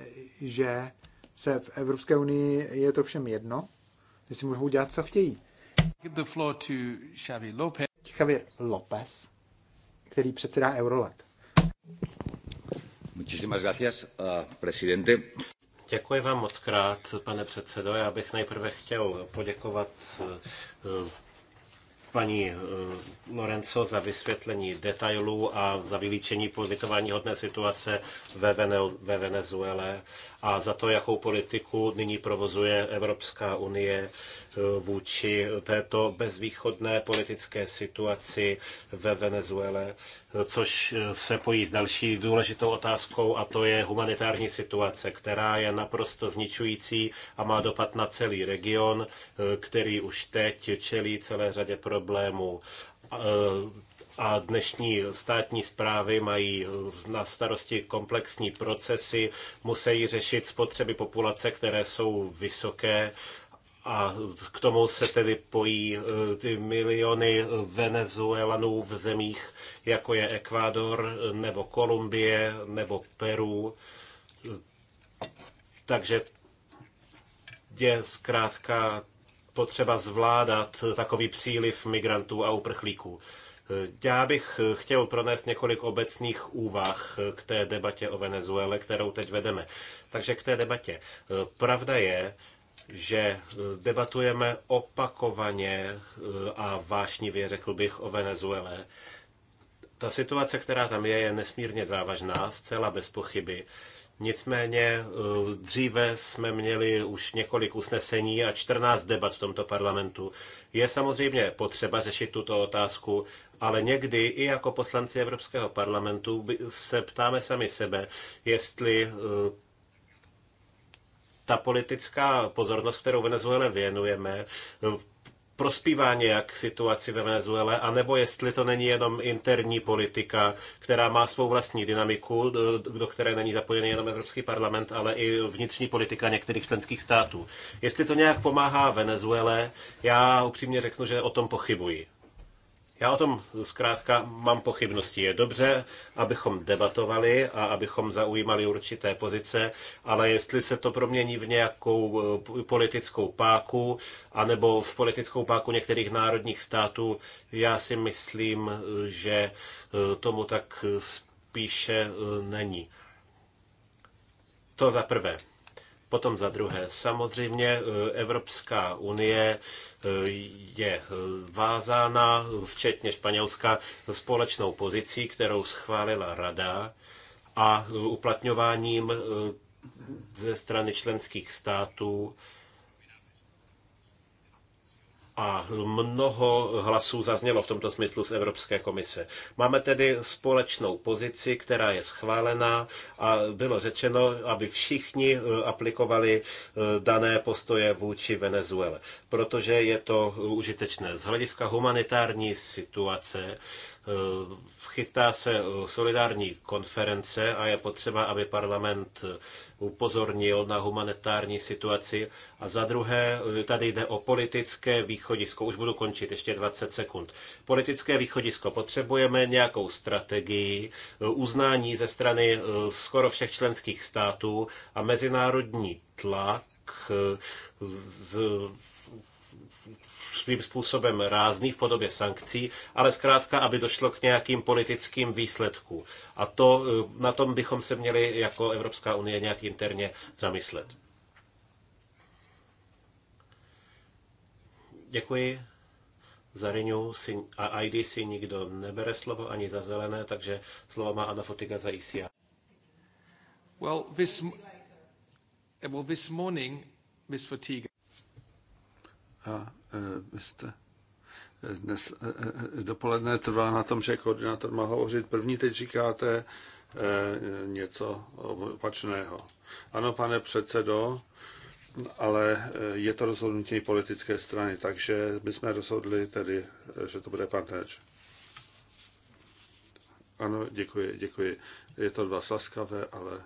že se v Evropské unii je to všem jedno, že si mohou dělat, co chtějí. Give the floor to Xavi Lopez. Javier López, který předsedá Eurolet. Muchísimas gracias, uh, presidente. Děkuji vám moc krát, pane předsedo. Já bych nejprve chtěl poděkovat eh, paní eh, Lorenzo za vysvětlení detailů a za vylíčení pozitování hodné situace ve Venezuele a za to, jakou politiku nyní provozuje Evropská unie eh, vůči této bezvýchodné politické situaci ve Venezuele, což eh, se pojí s další důležitou otázkou a to je humanitární situace, která je naprosto zničující a má dopad na celý region, eh, který už teď čelí celé řadě problémů eh, a dnešní státní zprávy mají na starosti komplexní procesy, musí řešit spotřeby populace, které jsou vysoké a k tomu se tedy pojí e, ty miliony Venezuelanů v zemích, jako je Ekvádor, nebo Kolumbie, nebo Peru. Takže je zkrátka potřeba zvládat takový příliv migrantů a uprchlíků. Já bych chtěl pronést několik obecných úvah k té debatě o Venezuele, kterou teď vedeme. Takže k té debatě. Pravda je, že eh, debatujeme opakovaně eh, a vášnivě, řekl bych, o Venezuele. Ta situace, která tam je, je nesmírně závažná, zcela bez pochyby. Nicméně eh, dříve jsme měli už několik usnesení a 14 debat v tomto parlamentu. Je samozřejmě potřeba řešit tuto otázku, ale někdy i jako poslanci Evropského parlamentu se ptáme sami sebe, jestli ta politická pozornost, kterou Venezuele věnujeme, prospívá nějak situaci ve Venezuele, anebo jestli to není jenom interní politika, která má svou vlastní dynamiku, do, které není zapojený jenom Evropský parlament, ale i vnitřní politika některých členských států. Jestli to nějak pomáhá Venezuele, já upřímně řeknu, že o tom pochybuji. Já o tom zkrátka mám pochybnosti. Je dobře, abychom debatovali a abychom zaujímali určité pozice, ale jestli se to promění v nějakou eh, politickou páku, anebo v politickou páku některých národních států, já si myslím, eh, že eh, tomu tak spíše není. To za prvé. Potom za druhé, samozřejmě eh, Evropská unie eh, je eh, vázána, včetně Španělska, společnou pozicí, kterou schválila Rada a uplatňováním ze strany členských států a mnoho hlasů zaznělo v tomto smyslu z Evropské komise. Máme tedy společnou pozici, která je schválená a bylo řečeno, aby všichni e, aplikovali e, dané postoje vůči Venezuele, protože je to užitečné z hlediska humanitární situace Eh, chystá se eh, solidární konference a je potřeba, aby parlament eh, upozornil na humanitární situaci. A za druhé, tady jde o politické východisko. Už budu končit, ještě 20 sekund. Politické východisko. Potřebujeme nějakou strategii, uznání ze strany skoro všech členských států a mezinárodní tlak z, svým způsobem rázný v podobě sankcí, ale zkrátka, aby došlo k nějakým politickým výsledkům. A to, eh, na tom bychom se měli jako Evropská unie nějak interně zamyslet. Děkuji. Za Renew si, a ID si nikdo nebere slovo ani za zelené, takže slovo má Anna Fotiga za ICA. Well, this, well, this morning, Miss Fotiga. Uh, vy eh, jste eh, dnes eh, dopoledne trvá na tom, že koordinátor má hovořit první, teď říkáte něco opačného. Ano, pane předsedo, ale je to rozhodnutí politické strany, takže my jsme rozhodli tedy, že to bude pan Teneč. Ano, děkuji, děkuji. Je to dva slaskavé, ale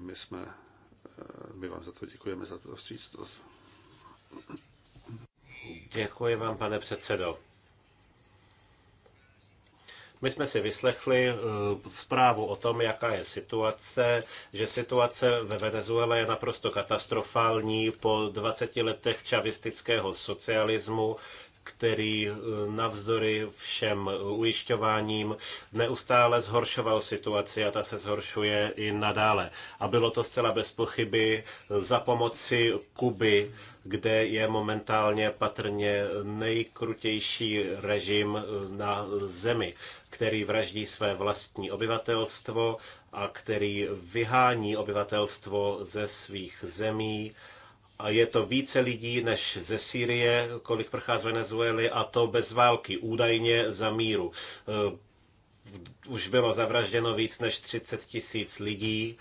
my jsme, my vám za to děkujeme, za tu vstřícnost. Děkuji vám, pane předsedo. My jsme si vyslechli eh, zprávu o tom, jaká je situace, že situace ve Venezuele je naprosto katastrofální po 20 letech čavistického socialismu, který eh, navzdory všem eh, ujišťováním neustále zhoršoval situaci a ta se zhoršuje i nadále. A bylo to zcela bez pochyby eh, za pomoci Kuby, kde je momentálně patrně nejkrutější režim na zemi, který vraždí své vlastní obyvatelstvo a který vyhání obyvatelstvo ze svých zemí a je to více lidí než ze Sýrie, kolik prchá z Venezuely a to bez války, údajně za míru. Eh, už bylo zavražděno víc než 30 tisíc lidí,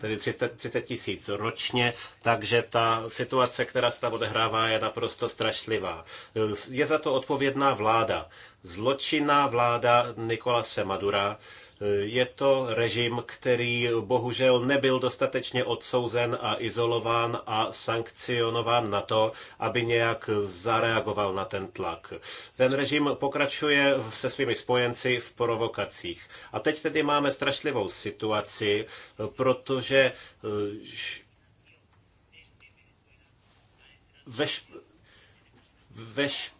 tedy 30 tisíc ročně, takže ta situace, která se tam odehrává, je naprosto strašlivá. Eh, je za to odpovědná vláda, zločinná vláda Nikolase Madura, je to režim, který bohužel nebyl dostatečně odsouzen a izolován a sankcionován na to, aby nějak zareagoval na ten tlak. Ten režim pokračuje se svými spojenci v provokacích. A teď tedy máme strašlivou situaci, protože eh, veš, veš,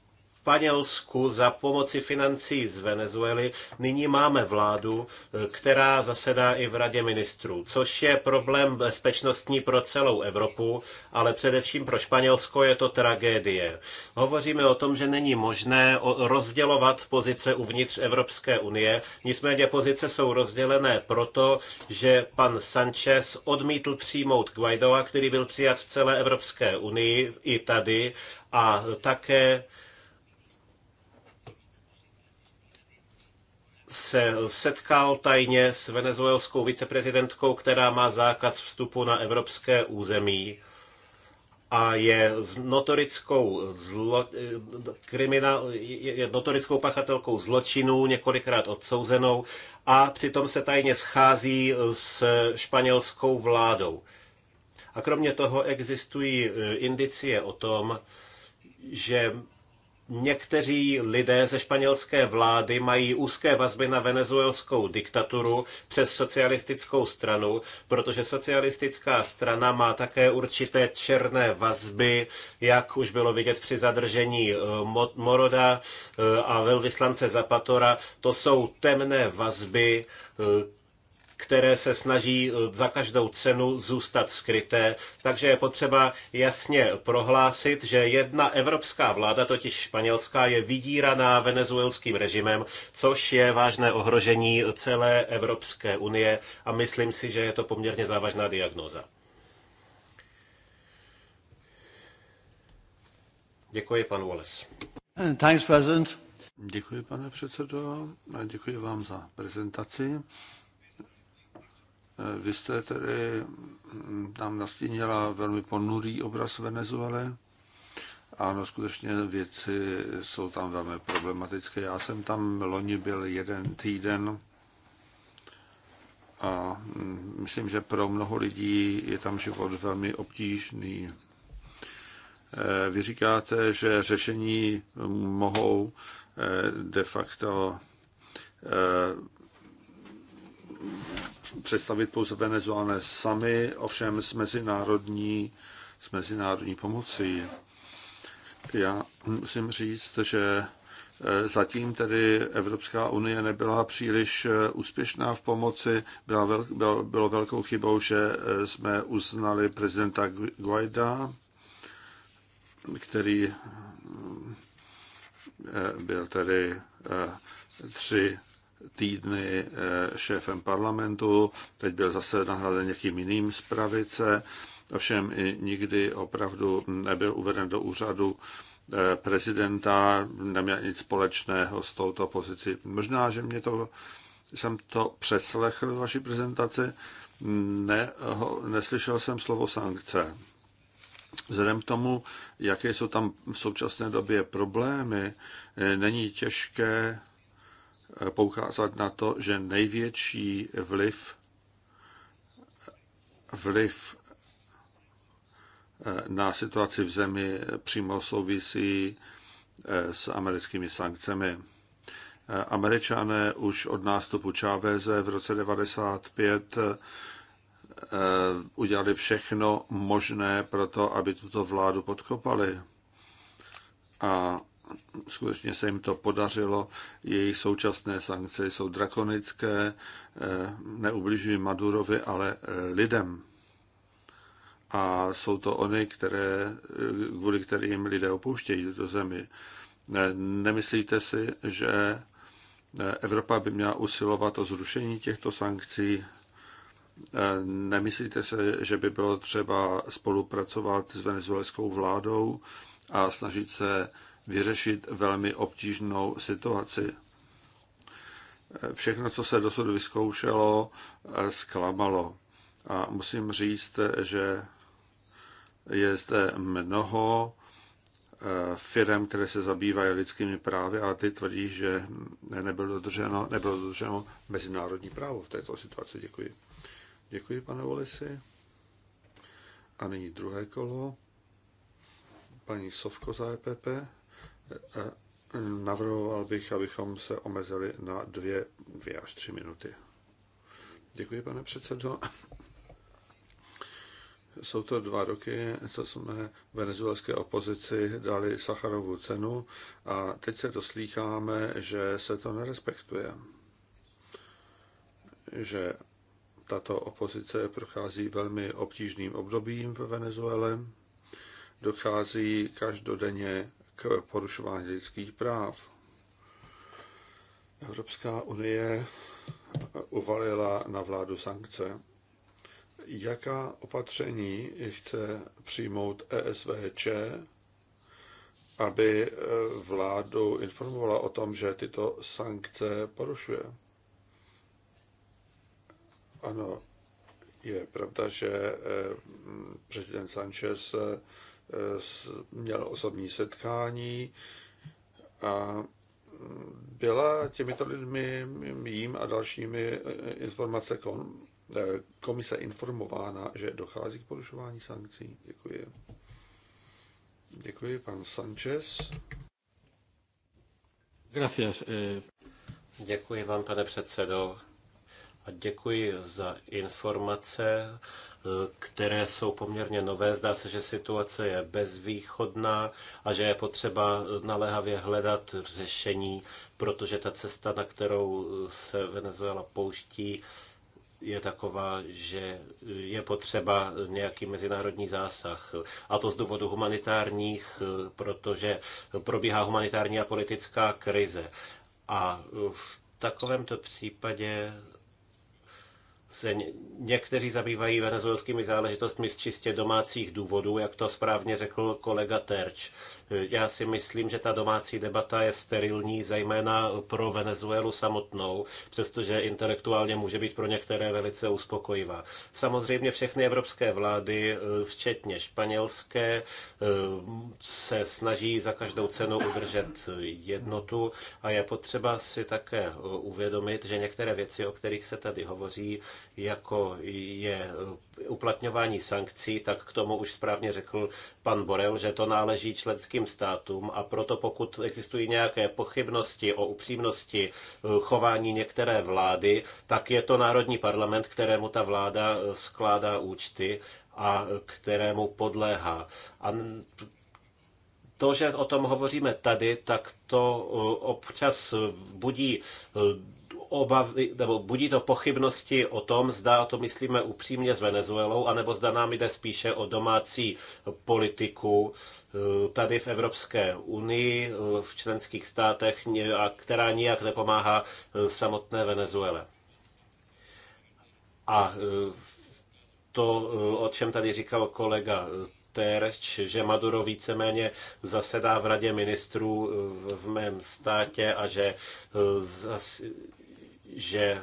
Španělsku za pomoci financí z Venezuely nyní máme vládu, eh, která zasedá i v Radě ministrů, což je problém bezpečnostní pro celou Evropu, ale především pro Španělsko je to tragédie. Hovoříme o tom, že není možné rozdělovat pozice uvnitř Evropské unie, nicméně pozice jsou rozdělené proto, že pan Sanchez odmítl přijmout Guaidoa, který byl přijat v celé Evropské unii i tady a také se setkal tajně s venezuelskou viceprezidentkou, která má zákaz vstupu na evropské území a je notorickou, zlo, kriminal, je notorickou pachatelkou zločinů, několikrát odsouzenou a přitom se tajně schází s španělskou vládou. A kromě toho existují eh, indicie o tom, že Někteří lidé ze španělské vlády mají úzké vazby na venezuelskou diktaturu přes socialistickou stranu, protože socialistická strana má také určité černé vazby, jak už bylo vidět při zadržení eh, Moroda eh, a velvyslance Zapatora. To jsou temné vazby, eh, které se snaží eh, za každou cenu zůstat skryté. Takže je potřeba jasně prohlásit, že jedna evropská vláda, totiž španělská, je vydíraná venezuelským režimem, což je vážné ohrožení celé Evropské unie a myslím si, že je to poměrně závažná diagnóza. Děkuji, pan Wallace. Thanks, President. Děkuji, pane předsedo, a děkuji vám za prezentaci. Eh, vy jste tedy mm, tam nastínila velmi ponurý obraz Venezuele. Ano, skutečně věci jsou tam velmi problematické. Já jsem tam loni byl jeden týden a mm, myslím, že pro mnoho lidí je tam život velmi obtížný. Eh, vy říkáte, že řešení mohou eh, de facto představit pouze Venezuelané sami, ovšem s mezinárodní, s mezinárodní pomocí. Já musím říct, že eh, zatím tedy Evropská unie nebyla příliš eh, úspěšná v pomoci. Byla vel, bylo, bylo velkou chybou, že eh, jsme uznali prezidenta Guaida, který byl tedy tři týdny eh, šéfem parlamentu, teď byl zase nahrazen někým jiným z pravice, ovšem nikdy opravdu nebyl uveden do úřadu eh, prezidenta, neměl nic společného s touto pozicí. Možná, že mě to, jsem to přeslechl v vaší prezentaci, ne, ho, neslyšel jsem slovo sankce. Vzhledem k tomu, jaké jsou tam v současné době problémy, eh, není těžké Eh, poukázat na to, že největší vliv, vliv eh, na situaci v zemi přímo souvisí eh, s americkými sankcemi. Američané už od nástupu Čáveze v roce 1995 udělali všechno možné pro to, aby tuto vládu podkopali. A skutečně se jim to podařilo. Jejich současné sankce jsou drakonické, eh, neubližují Madurovi, ale eh, lidem. A jsou to oni, které, eh, kvůli kterým lidé opouštějí tuto zemi. Nemyslíte si, že Evropa by měla usilovat o zrušení těchto sankcí? Nemyslíte se, že by bylo třeba spolupracovat s venezuelskou vládou a snažit se vyřešit velmi obtížnou situaci. Všechno, co se dosud vyzkoušelo, zklamalo. A musím říct, že je zde mnoho eh, firm, které se zabývají lidskými právy a ty tvrdí, že nebylo dodrženo, nebylo dodrženo mezinárodní právo v této situaci. Děkuji. Děkuji, pane Volisi. A nyní druhé kolo. Paní Sovko za EPP navrhoval bych, abychom se omezili na dvě, dvě až tři minuty. Děkuji, pane předsedo. Jsou to dva roky, co jsme venezuelské opozici dali Sacharovu cenu a teď se doslýcháme, že se to nerespektuje. Že tato opozice prochází velmi obtížným obdobím v Venezuele. Dochází každodenně k porušování lidských práv. Evropská unie uvalila na vládu sankce. Jaká opatření chce přijmout ESVČ, aby vládu informovala o tom, že tyto sankce porušuje? Ano, je pravda, že eh, prezident Sanchez měl osobní setkání a byla těmito lidmi, jím a dalšími eh, informace eh, komise informována, že dochází k porušování sankcí. Děkuji. Děkuji, pan Sanchez. Gracias. Eh. Děkuji vám, pane předsedo a děkuji za informace, které jsou poměrně nové. Zdá se, že situace je bezvýchodná a že je potřeba naléhavě hledat řešení, protože ta cesta, na kterou se Venezuela pouští, je taková, že je potřeba nějaký mezinárodní zásah. A to z důvodu humanitárních, protože probíhá humanitární a politická krize. A v takovémto případě se někteří zabývají venezuelskými záležitostmi z čistě domácích důvodů, jak to správně řekl kolega Terč. Já si myslím, že ta domácí debata je sterilní, zejména pro Venezuelu samotnou, přestože intelektuálně může být pro některé velice uspokojivá. Samozřejmě všechny evropské vlády, eh, včetně španělské, eh, se snaží za každou cenu udržet jednotu a je potřeba si také eh, uvědomit, že některé věci, o kterých se tady hovoří, jako je uplatňování sankcí, tak k tomu už správně řekl pan Borel, že to náleží členským členským státům a proto pokud existují nějaké pochybnosti o upřímnosti eh, chování některé vlády, tak je to národní parlament, kterému ta vláda eh, skládá účty a eh, kterému podléhá. A to, že o tom hovoříme tady, tak to občas budí obavy, nebo budí to pochybnosti o tom, zda to myslíme upřímně s Venezuelou, anebo zda nám jde spíše o domácí politiku eh, tady v Evropské unii, eh, v členských státech, která nijak nepomáhá eh, samotné Venezuele. A to, o čem tady říkal kolega terč, že Maduro víceméně zasedá v radě ministrů v mém státě a že Eh, že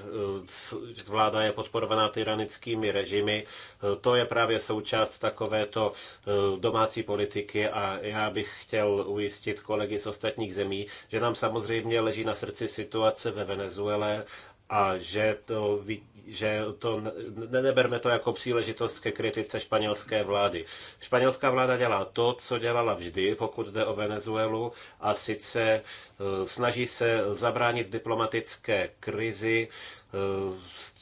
vláda je podporovaná tyranickými režimy. Eh, to je právě součást takovéto eh, domácí politiky a já bych chtěl ujistit kolegy z ostatních zemí, že nám samozřejmě leží na srdci situace ve Venezuele a že to, že to neberme to jako příležitost ke kritice španělské vlády. Španělská vláda dělá to, co dělala vždy, pokud jde o Venezuelu, a sice eh, snaží se zabránit diplomatické krizi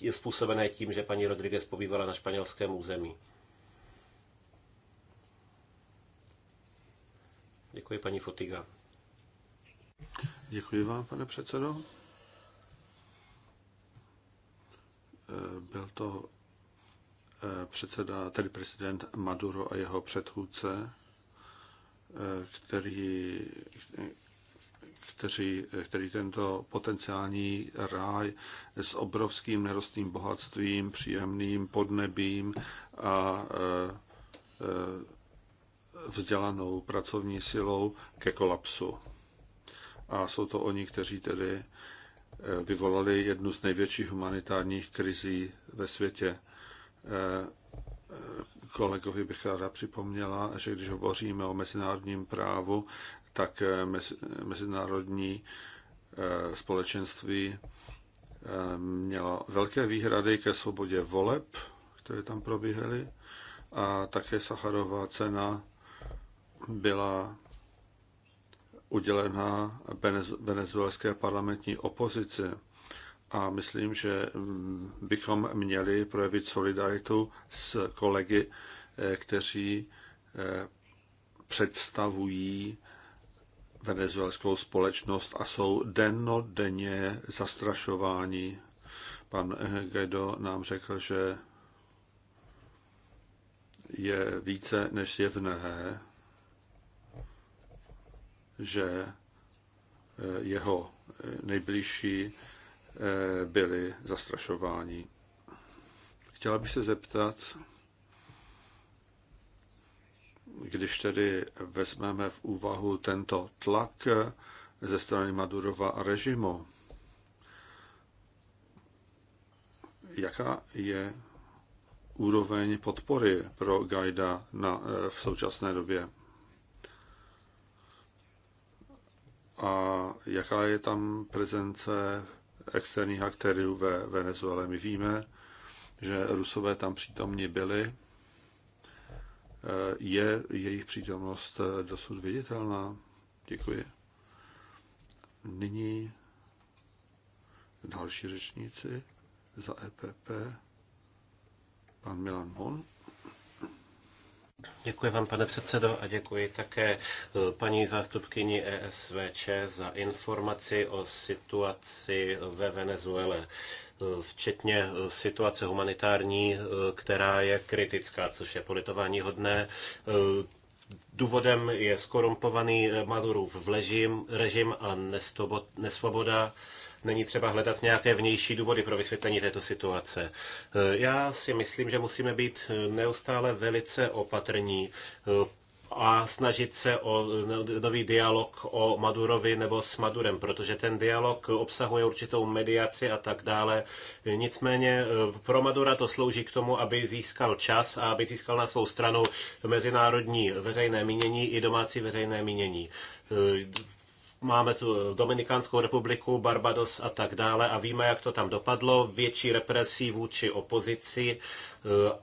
eh, způsobené tím, že paní Rodriguez pobývala na španělském území. Děkuji, paní Fotiga. Děkuji vám, pane předsedo. Byl to eh, předseda, tedy prezident Maduro a jeho předchůdce, eh, který, kteří, eh, který tento potenciální ráj s obrovským nerostným bohatstvím, příjemným podnebím a vzdělanou pracovní silou ke kolapsu. A jsou to oni, kteří tedy vyvolaly jednu z největších humanitárních krizí ve světě. Eh, eh, kolegovi bych ráda připomněla, že když hovoříme o mezinárodním právu, tak eh, mezinárodní společenství mělo velké výhrady ke svobodě voleb, které tam probíhaly, a také Sacharová cena byla udělená venezuelské parlamentní opozici. A myslím, že mm, bychom měli projevit solidaritu s kolegy, eh, kteří eh, představují venezuelskou společnost a jsou denně zastrašováni. Pan eh, Gedo nám řekl, že je více než zjevné, že eh, jeho eh, nejbližší eh, byli zastrašováni. Chtěla bych se zeptat, když tedy vezmeme v úvahu tento tlak ze strany Madurova a režimu, jaká je úroveň podpory pro Gajda na, v současné době? a jaká je tam prezence externích aktérů ve Venezuele. My víme, že Rusové tam přítomní byli. E, je jejich přítomnost dosud viditelná? Děkuji. Nyní další řečníci za EPP. Pan Milan Mon. Děkuji vám, pane předsedo, a děkuji také eh, paní zástupkyni ESVČ za informaci o situaci ve Venezuele, eh, včetně eh, situace humanitární, která je kritická, což je politování hodné. Důvodem je skorumpovaný Madurův režim a nesvoboda Není třeba hledat nějaké vnější důvody pro vysvětlení této situace. Eh, já si myslím, že musíme být eh, neustále velice opatrní, eh, a snažit se o nový dialog o Madurovi nebo s Madurem, protože ten dialog obsahuje určitou mediaci a tak dále. Nicméně pro Madura to slouží k tomu, aby získal čas a aby získal na svou stranu mezinárodní veřejné mínění i domácí veřejné mínění Máme tu Dominikánskou republiku, Barbados a tak dále a víme, jak to tam dopadlo. Větší represí vůči opozici e,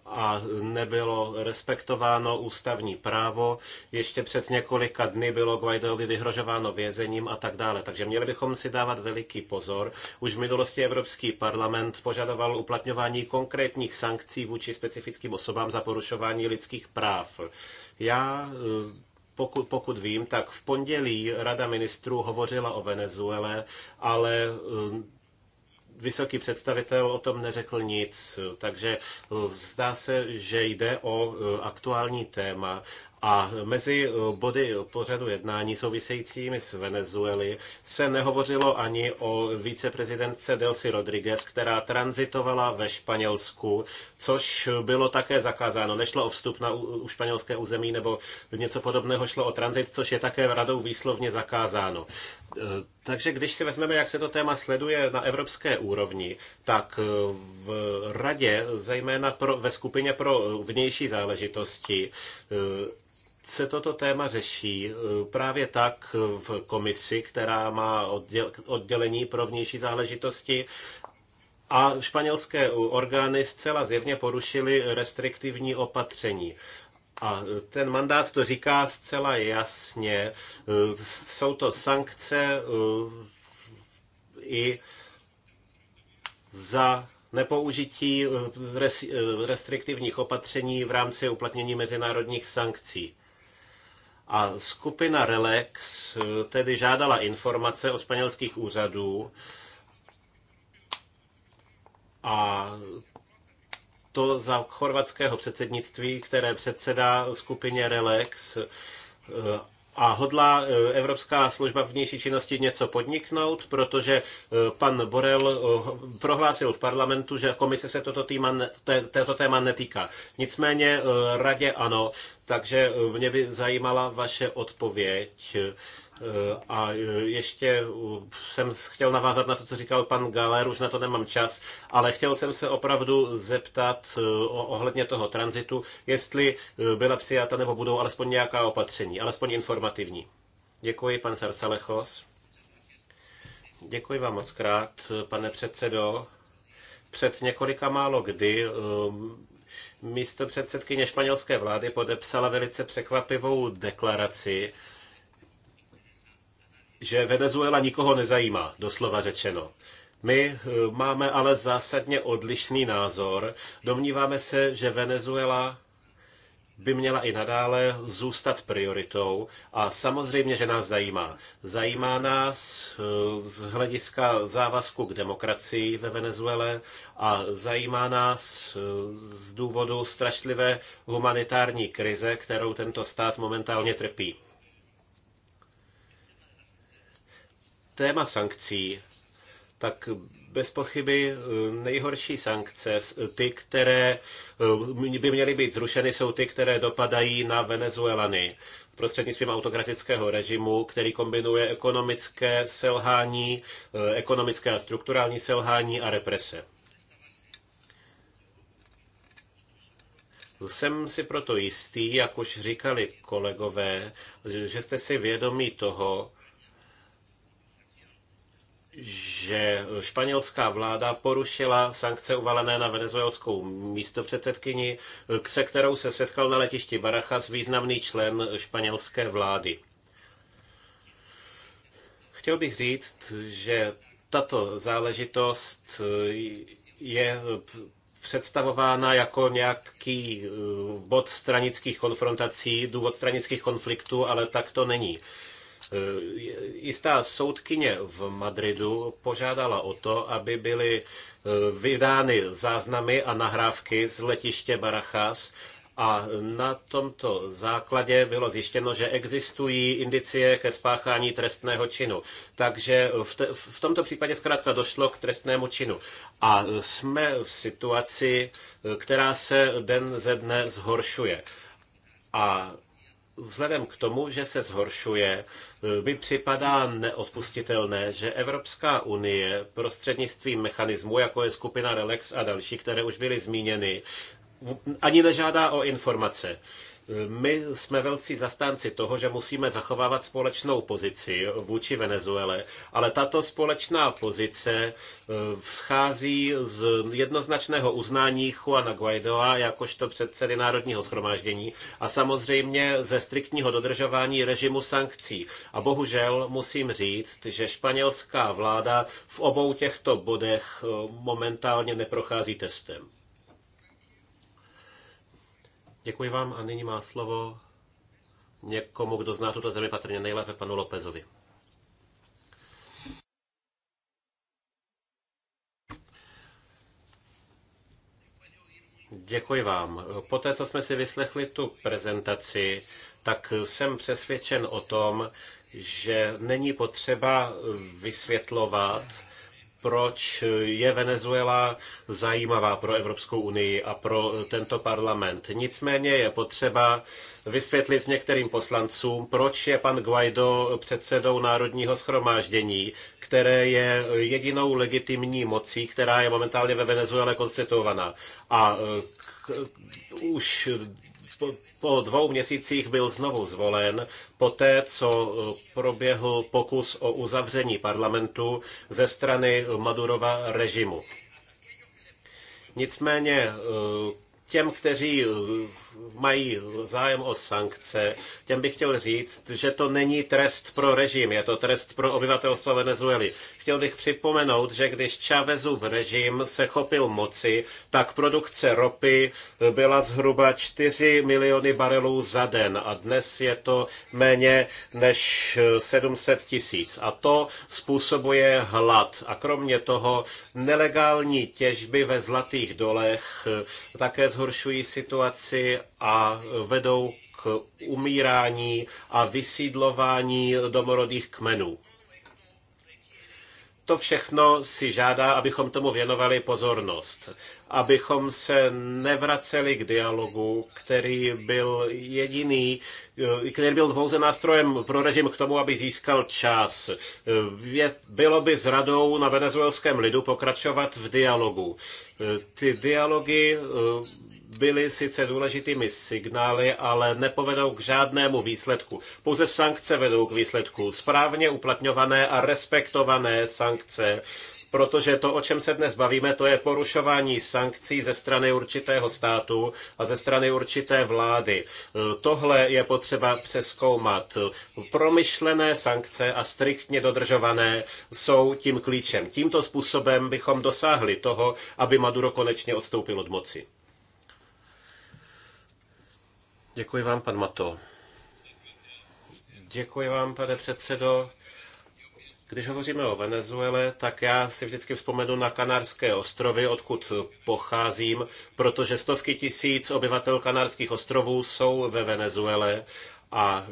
a nebylo respektováno ústavní právo. Ještě před několika dny bylo Guaidovi vyhrožováno vězením a tak dále. Takže měli bychom si dávat veliký pozor. Už v minulosti Evropský parlament požadoval uplatňování konkrétních sankcí vůči specifickým osobám za porušování lidských práv. Já e, pokud, pokud vím, tak v pondělí Rada ministrů hovořila o Venezuele, ale um, vysoký představitel o tom neřekl nic, takže eh, zdá se, že jde o eh, aktuální téma a mezi eh, body pořadu jednání souvisejícími s Venezueli se nehovořilo ani o viceprezidentce Delcy Rodriguez, která transitovala ve Španělsku, což bylo také zakázáno. Nešlo o vstup na španělské území nebo něco podobného, šlo o tranzit, což je také radou výslovně zakázáno. Eh, takže když si vezmeme, jak se to téma sleduje na evropské úrovni, tak eh, v radě, zejména pro, ve skupině pro eh, vnější záležitosti, se toto téma řeší právě tak v komisi, která má oddělení pro vnější záležitosti, a španělské orgány zcela zjevně porušily restriktivní opatření. A ten mandát to říká zcela jasně. Jsou to sankce eh, i za nepoužití eh, eh, restriktivních opatření v rámci uplatnění mezinárodních sankcí. A skupina Relex tedy žádala informace o španělských úřadů a to za chorvatského předsednictví, které předsedá skupině Relax eh, a hodlá eh, Evropská služba vnější činnosti něco podniknout, protože eh, pan Borel prohlásil v parlamentu, že komise se toto téma, této téma netýká. Nicméně radě ano, takže mě by zajímala vaše odpověď Eh, a eh, ještě eh, jsem chtěl navázat na to, co říkal pan Galer, už na to nemám čas, ale chtěl jsem se opravdu zeptat ohledně toho tranzitu, jestli byla přijata nebo budou alespoň nějaká opatření, alespoň informativní. Děkuji, pan Sarsalechos. Děkuji vám moc krát, pane předsedo. Před několika málo kdy místo předsedkyně španělské vlády podepsala velice překvapivou deklaraci, že Venezuela nikoho nezajímá, doslova řečeno. My eh, máme ale zásadně odlišný názor. Domníváme se, že Venezuela by měla i nadále zůstat prioritou a samozřejmě, že nás zajímá. Zajímá nás eh, z hlediska závazku k demokracii ve Venezuele a zajímá nás eh, z důvodu strašlivé humanitární krize, kterou tento stát momentálně trpí. téma sankcí, tak bez pochyby eh, nejhorší sankce, ty, které eh, by měly být zrušeny, jsou ty, které dopadají na Venezuelany prostřednictvím autokratického režimu, který kombinuje ekonomické selhání, eh, ekonomické a strukturální selhání a represe. Jsem si proto jistý, jak už říkali kolegové, že jste si vědomí toho, že španělská vláda porušila sankce uvalené na venezuelskou místopředsedkyni, se kterou se setkal na letišti Barajas významný člen španělské vlády. Chtěl bych říct, že tato záležitost je představována jako nějaký eh, bod stranických konfrontací, důvod stranických konfliktů, ale tak to není. Eh, jistá soudkyně v Madridu požádala o to, aby byly eh, vydány záznamy a nahrávky z letiště Barajas a na tomto základě bylo zjištěno, že existují indicie ke spáchání trestného činu. Takže v, te, v tomto případě zkrátka došlo k trestnému činu. A jsme v situaci, eh, která se den ze dne zhoršuje. A vzhledem k tomu, že se zhoršuje, eh, mi připadá neodpustitelné, že Evropská unie prostřednictvím mechanismů, jako je skupina Relex a další, které už byly zmíněny, ani nežádá o informace. My jsme velcí zastánci toho, že musíme zachovávat společnou pozici vůči Venezuele, ale tato společná pozice e, vzchází z jednoznačného uznání Juana Guaidoa jakožto předsedy Národního schromáždění a samozřejmě ze striktního dodržování režimu sankcí. A bohužel musím říct, že španělská vláda v obou těchto bodech e, momentálně neprochází testem. Děkuji vám a nyní má slovo někomu, kdo zná tuto zemi patrně nejlépe, panu Lopezovi. Děkuji vám. Poté, co jsme si vyslechli tu prezentaci, tak jsem přesvědčen o tom, že není potřeba vysvětlovat, proč je Venezuela zajímavá pro Evropskou unii a pro tento parlament. Nicméně je potřeba vysvětlit některým poslancům, proč je pan Guaido předsedou Národního schromáždění, které je jedinou legitimní mocí, která je momentálně ve Venezuele konstituovaná. A eh, už po, po dvou měsících byl znovu zvolen, poté co eh, proběhl pokus o uzavření parlamentu ze strany Madurova režimu. Nicméně eh, těm, kteří mají zájem o sankce, těm bych chtěl říct, že to není trest pro režim, je to trest pro obyvatelstvo Venezuely. Chtěl bych připomenout, že když Chávezův režim se chopil moci, tak produkce ropy byla zhruba 4 miliony barelů za den a dnes je to méně než 700 tisíc. A to způsobuje hlad. A kromě toho nelegální těžby ve zlatých dolech také zhoršují situaci a vedou k umírání a vysídlování domorodých kmenů. To všechno si žádá, abychom tomu věnovali pozornost, abychom se nevraceli k dialogu, který byl jediný, který byl pouze nástrojem pro režim k tomu, aby získal čas. bylo by zradou na venezuelském lidu pokračovat v dialogu. Ty dialogy eh, byly sice důležitými signály, ale nepovedou k žádnému výsledku. Pouze sankce vedou k výsledku. Správně uplatňované a respektované sankce protože to, o čem se dnes bavíme, to je porušování sankcí ze strany určitého státu a ze strany určité vlády. E, tohle je potřeba přeskoumat. Promyšlené sankce a striktně dodržované jsou tím klíčem. Tímto způsobem bychom dosáhli toho, aby Maduro konečně odstoupil od moci. Děkuji vám, pan Mato. Děkuji vám, pane předsedo. Když hovoříme o Venezuele, tak já si vždycky vzpomenu na Kanárské ostrovy, odkud pocházím, protože stovky tisíc obyvatel Kanárských ostrovů jsou ve Venezuele a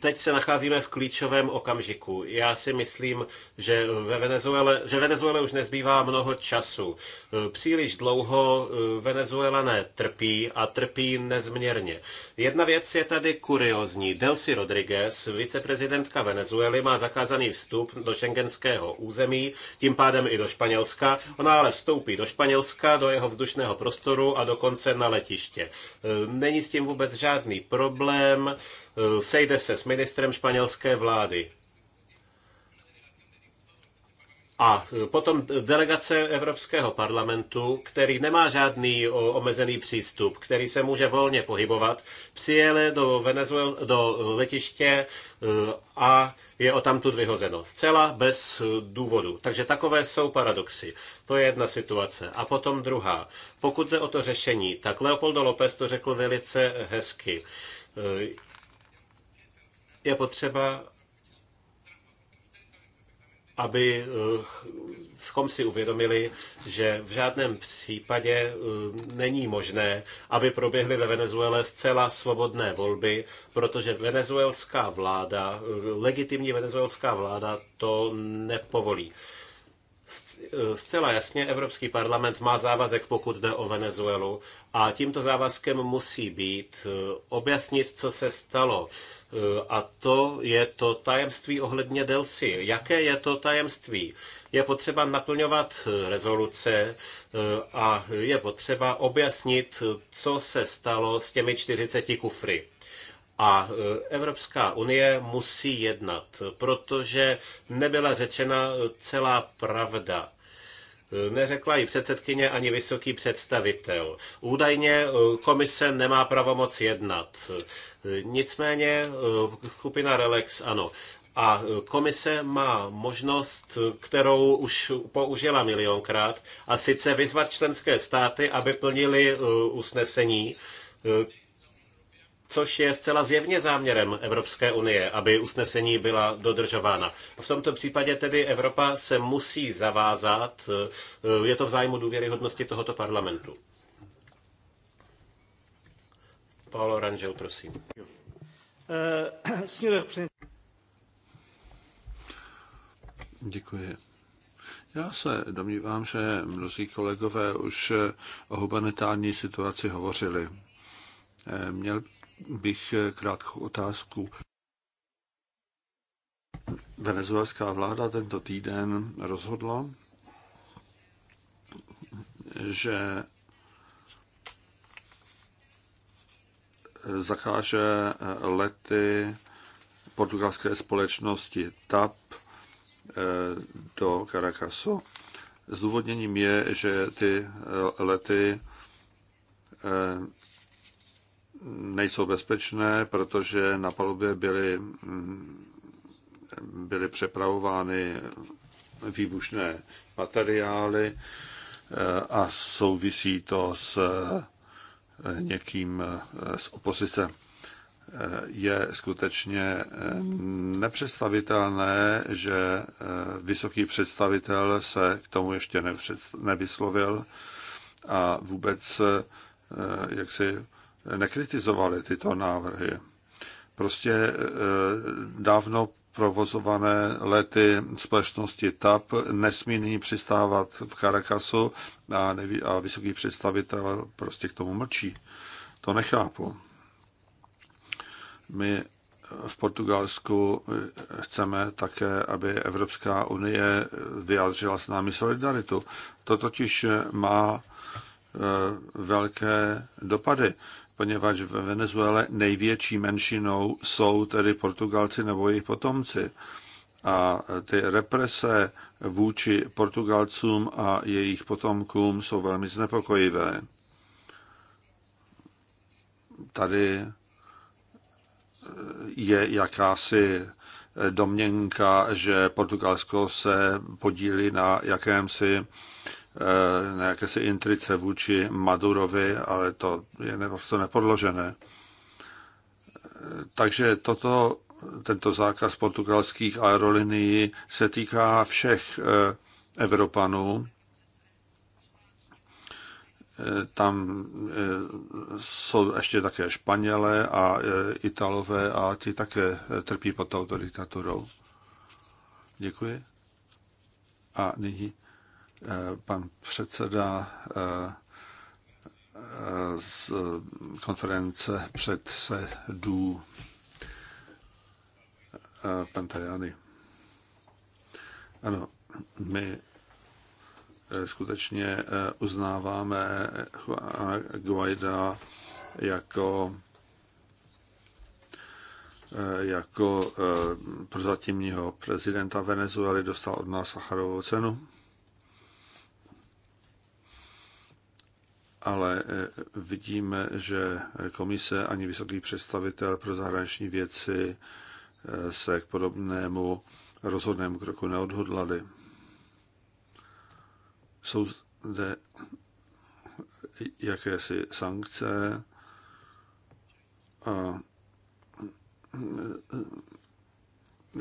teď se nacházíme v klíčovém okamžiku. Já si myslím, že, ve Venezuele, že Venezuele už nezbývá mnoho času. Příliš dlouho eh, Venezuelané trpí a trpí nezměrně. Jedna věc je tady kuriozní. Delcy Rodriguez, viceprezidentka Venezuely, má zakázaný vstup do šengenského území, tím pádem i do Španělska. Ona ale vstoupí do Španělska, do jeho vzdušného prostoru a dokonce na letiště. Eh, není s tím vůbec žádný problém Eh, sejde se s ministrem španělské vlády. A eh, potom delegace Evropského parlamentu, který nemá žádný eh, omezený přístup, který se může volně pohybovat, přijeli do, Venezuel, do letiště a je o tamtud vyhozeno. Zcela bez důvodu. Takže takové jsou paradoxy. To je jedna situace. A potom druhá. Pokud jde o to řešení, tak Leopoldo López to řekl velice hezky je potřeba, aby schom eh, si uvědomili, že v žádném případě eh, není možné, aby proběhly ve Venezuele zcela svobodné volby, protože venezuelská vláda, eh, legitimní venezuelská vláda to nepovolí. Eh, zcela jasně Evropský parlament má závazek, pokud jde o Venezuelu a tímto závazkem musí být eh, objasnit, co se stalo. Eh, a to je to tajemství ohledně Delsi. Jaké je to tajemství? Je potřeba naplňovat rezoluce a je potřeba objasnit, co se stalo s těmi 40 kufry. A Evropská unie musí jednat, protože nebyla řečena celá pravda neřekla i předsedkyně, ani vysoký představitel. Údajně eh, komise nemá pravomoc jednat. Nicméně eh, skupina Relax ano. A eh, komise má možnost, kterou už použila milionkrát, a sice vyzvat členské státy, aby plnili usnesení, což je zcela zjevně záměrem Evropské unie, aby usnesení byla dodržována. V tomto případě tedy Evropa se musí zavázat, eh, je to v zájmu důvěryhodnosti tohoto parlamentu. Paolo Rangel, prosím. Děkuji. Já se domnívám, že mnozí kolegové už o humanitární situaci hovořili. Eh, měl bych eh, krátkou otázku. Venezuelská vláda tento týden rozhodla, že zakáže eh, lety portugalské společnosti TAP eh, do Caracasu. Zdůvodněním je, že ty lety nejsou bezpečné, protože na palubě byly, mm, byly přepravovány výbušné materiály eh, a souvisí to s eh, někým eh, z opozice. Je skutečně nepředstavitelné, že vysoký představitel se k tomu ještě nevyslovil a vůbec jak si nekritizovali tyto návrhy. Prostě eh, dávno provozované lety společnosti TAP nesmí nyní přistávat v Caracasu a, neví, a vysoký představitel prostě k tomu mlčí. To nechápu. My v Portugalsku eh, chceme také, aby Evropská unie vyjádřila s námi solidaritu. To totiž má eh, velké dopady poněvadž ve Venezuele největší menšinou jsou tedy Portugalci nebo jejich potomci. A ty represe vůči Portugalcům a jejich potomkům jsou velmi znepokojivé. Tady eh, je jakási eh, domněnka, že Portugalsko se podílí na jakémsi Eh, na jakési intrice vůči Madurovi, ale to je prostě nepodložené. Eh, takže toto, tento zákaz portugalských aerolinií se týká všech eh, Evropanů. Tam jsou ještě také Španělé a Italové a ti také trpí pod touto diktaturou. Děkuji. A nyní Eh, pan předseda eh, z konference předsedů eh, pan Tajany. Ano, my skutečně uznáváme Guaida jako jako prozatímního prezidenta Venezuely dostal od nás Sacharovou cenu. ale e, vidíme, že komise ani vysoký představitel pro zahraniční věci e, se k podobnému rozhodnému kroku neodhodlali. Jsou zde jakési sankce a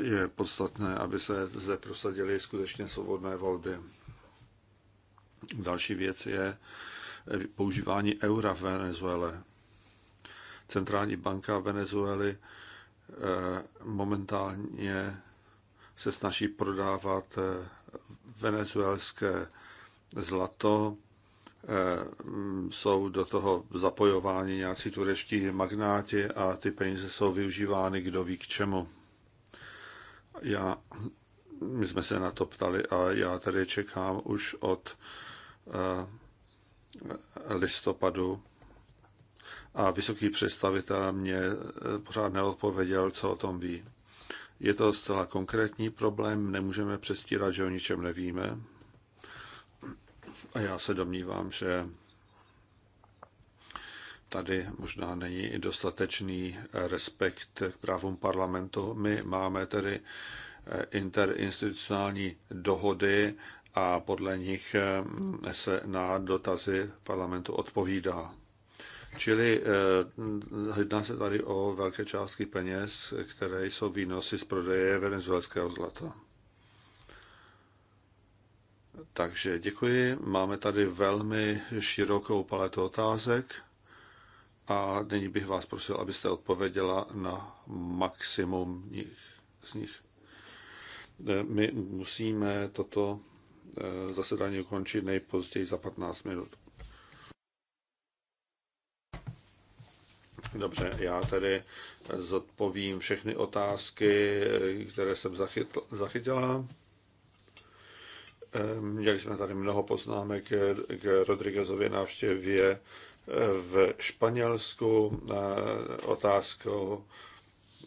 e, je podstatné, aby se zde prosadily skutečně svobodné volby. Další věc je, používání eura v Venezuele. Centrální banka Venezuely eh, momentálně se snaží prodávat eh, venezuelské zlato, eh, mm, jsou do toho zapojováni nějací turečtí magnáti a ty peníze jsou využívány kdo ví k čemu. Já, my jsme se na to ptali a já tady čekám už od listopadu a vysoký představitel mě eh, pořád neodpověděl, co o tom ví. Je to zcela konkrétní problém, nemůžeme přestírat, že o ničem nevíme. A já se domnívám, že tady možná není dostatečný respekt k právům parlamentu. My máme tedy eh, interinstitucionální dohody a podle nich eh, mm, se na dotazy parlamentu odpovídá. Čili eh, jedná se tady o velké částky peněz, které jsou výnosy z prodeje venezuelského zlata. Takže děkuji. Máme tady velmi širokou paletu otázek a nyní bych vás prosil, abyste odpověděla na maximum z nich. Eh, my musíme toto Eh, zasedání ukončit nejpozději za 15 minut. Dobře, já tedy zodpovím všechny otázky, eh, které jsem zachytl, zachytila. Měli jsme tady mnoho poznámek k Rodriguezově návštěvě eh, v Španělsku, otázkou,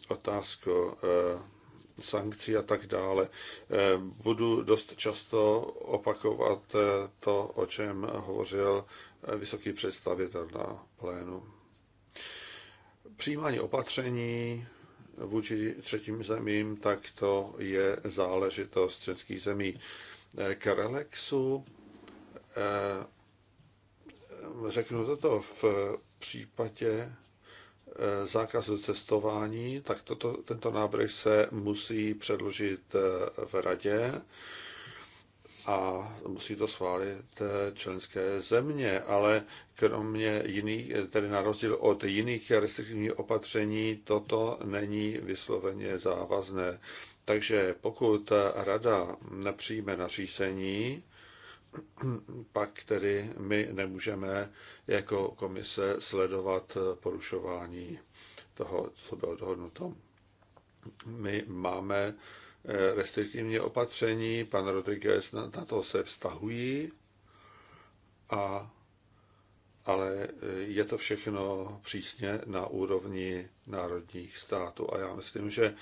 otázkou sankcí a tak dále. Eh, budu dost často opakovat eh, to, o čem hovořil eh, vysoký představitel na plénu. Přijímání opatření vůči třetím zemím, tak to je záležitost třetích zemí. K relaxu řeknu toto v případě Eh, zákazu cestování, tak toto, tento návrh se musí předložit eh, v radě a musí to schválit eh, členské země, ale kromě jiných, tedy na rozdíl od jiných restriktivních opatření, toto není vysloveně závazné. Takže pokud rada nepřijme nařízení, pak tedy my nemůžeme jako komise sledovat porušování toho, co bylo dohodnuto. My máme eh, restriktivní opatření, pan Rodriguez na, na to se vztahují, a, ale eh, je to všechno přísně na úrovni národních států. A já myslím, že eh,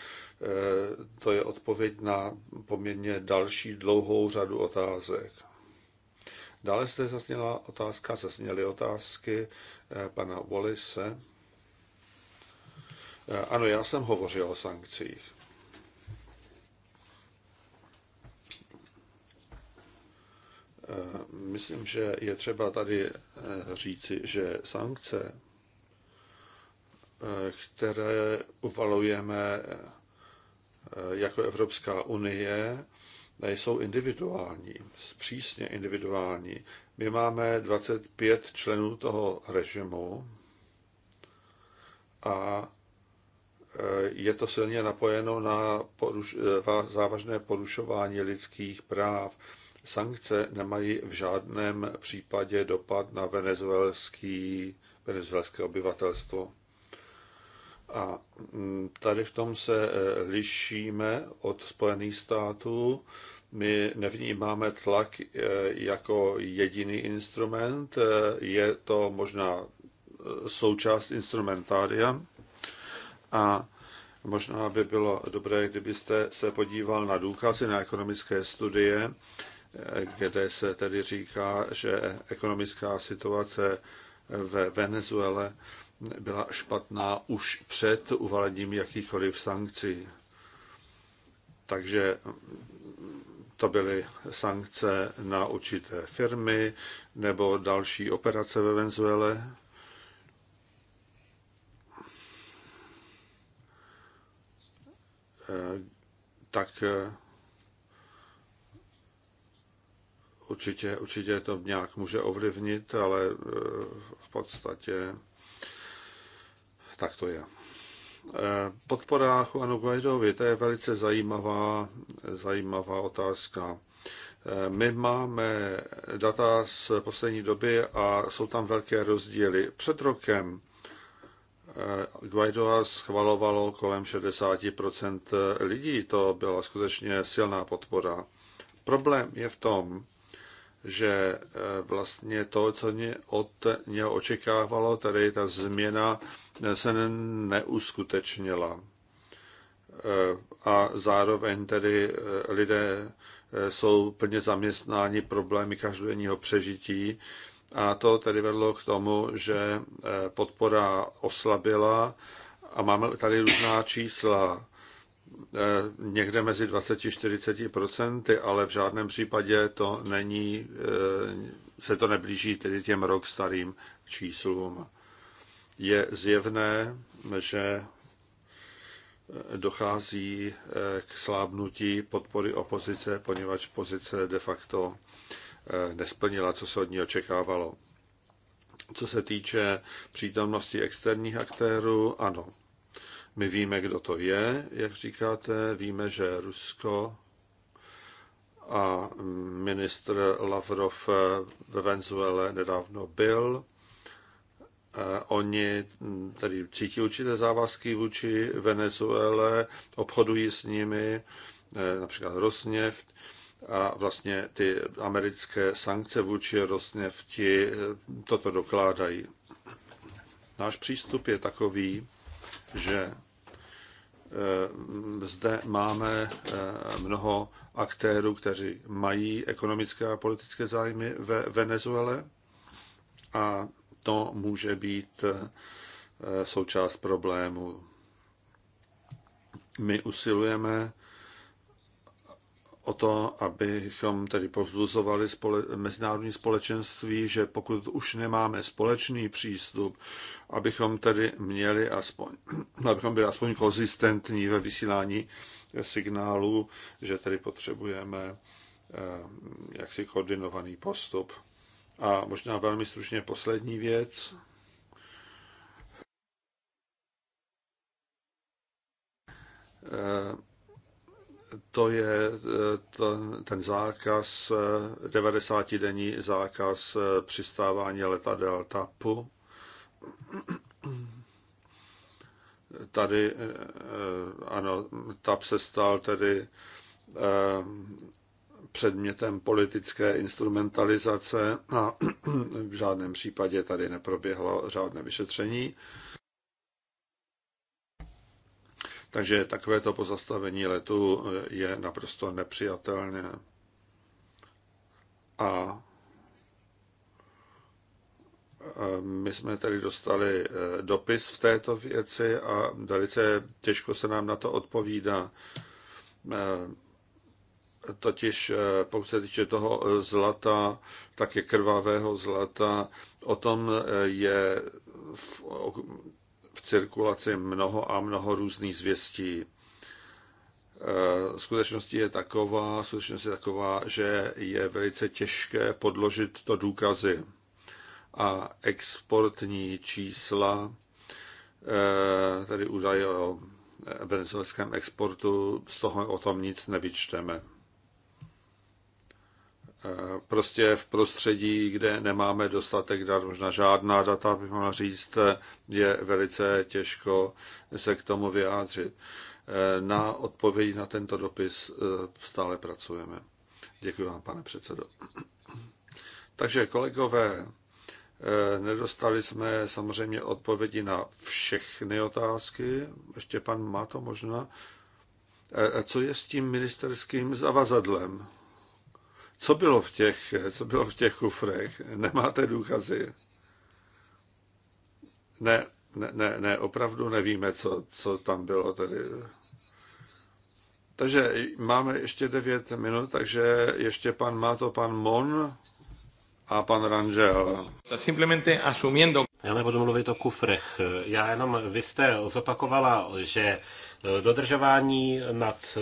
to je odpověď na poměrně další dlouhou řadu otázek. Dále jste zazněla otázka, zazněly otázky eh, pana Wallise. Eh, ano, já jsem hovořil o sankcích. Eh, myslím, že je třeba tady říci, že sankce, které uvalujeme jako Evropská unie, jsou individuální, přísně individuální. My máme 25 členů toho režimu a e, je to silně napojeno na poruš- e, závažné porušování lidských práv. Sankce nemají v žádném případě dopad na venezuelský, venezuelské obyvatelstvo. A mm, tady v tom se e, lišíme od Spojených států. My nevnímáme tlak e, jako jediný instrument, e, je to možná součást instrumentária a možná by bylo dobré, kdybyste se podíval na důkazy na ekonomické studie, kde se tedy říká, že ekonomická situace ve Venezuele byla špatná už před uvalením jakýchkoliv sankcí. Takže to byly sankce na určité firmy nebo další operace ve Venezuele. Eh, tak eh, určitě, určitě to nějak může ovlivnit, ale eh, v podstatě tak to je. E, podpora Juanu Guaidovi, to je velice zajímavá, zajímavá otázka. E, my máme data z poslední doby a jsou tam velké rozdíly. Před rokem e, Guaidoa schvalovalo kolem 60% lidí. To byla skutečně silná podpora. Problém je v tom, že vlastně to, co od něho očekávalo, tedy ta změna se neuskutečnila. E, a zároveň tedy e, lidé e, jsou plně zaměstnáni problémy každodenního přežití. A to tedy vedlo k tomu, že podpora oslabila a máme tady různá čísla někde mezi 20-40%, ale v žádném případě to není, se to neblíží tedy těm rok starým číslům je zjevné, že dochází eh, k slábnutí podpory opozice, poněvadž pozice de facto eh, nesplnila, co se od ní očekávalo. Co se týče přítomnosti externích aktérů, ano. My víme, kdo to je, jak říkáte, víme, že Rusko a ministr Lavrov eh, ve Venezuele nedávno byl Oni mm, tedy cítí určité závazky vůči Venezuele, obchodují s nimi, e, například Rosneft, a vlastně ty americké sankce vůči Rosnefti e, toto dokládají. Náš přístup je takový, že e, zde máme mnoho aktérů, kteří mají ekonomické a politické zájmy ve Venezuele a to může být eh, součást problému. My usilujeme o to, abychom tedy povzbuzovali spole- mezinárodní společenství, že pokud už nemáme společný přístup, abychom tedy měli aspoň, abychom byli aspoň konzistentní ve vysílání signálu, že tedy potřebujeme eh, jaksi koordinovaný postup. A možná velmi stručně poslední věc. Eh, to je eh, ten, zákaz, 90-denní eh, zákaz přistávání letadel TAPu. Tady, ano, TAP se stal tedy předmětem politické instrumentalizace a v žádném případě tady neproběhlo žádné vyšetření. Takže takovéto pozastavení letu je naprosto nepřijatelné. A e, my jsme tady dostali e, dopis v této věci a velice těžko se nám na to odpovídá. E, totiž eh, pokud se týče toho eh, zlata, také krvavého zlata, o tom eh, je v, v cirkulaci mnoho a mnoho různých zvěstí. Skutečnost je taková, skutečnost je taková, že je velice těžké podložit to důkazy. A exportní čísla, tady údaje o venezuelském exportu, z toho o tom nic nevyčteme. Eh, prostě v prostředí, kde nemáme dostatek dat, možná žádná data, bych mohla říct, eh, je velice těžko se k tomu vyjádřit. Eh, na odpověď na tento dopis stále pracujeme. Děkuji vám, pane předsedo. Takže kolegové, nedostali jsme samozřejmě odpovědi na všechny otázky. Ještě pan má to možná. Co je s tím ministerským zavazadlem? Co bylo v těch, co bylo v těch kufrech? Nemáte důkazy? Ne, ne, ne, ne opravdu nevíme, co, co tam bylo tedy. Takže máme ještě devět minut, takže ještě pan má to pan Mon a pan Rangel. Simplemente Já nebudu mluvit o kufrech. Já jenom, vy jste zopakovala, že Dodržování, nad,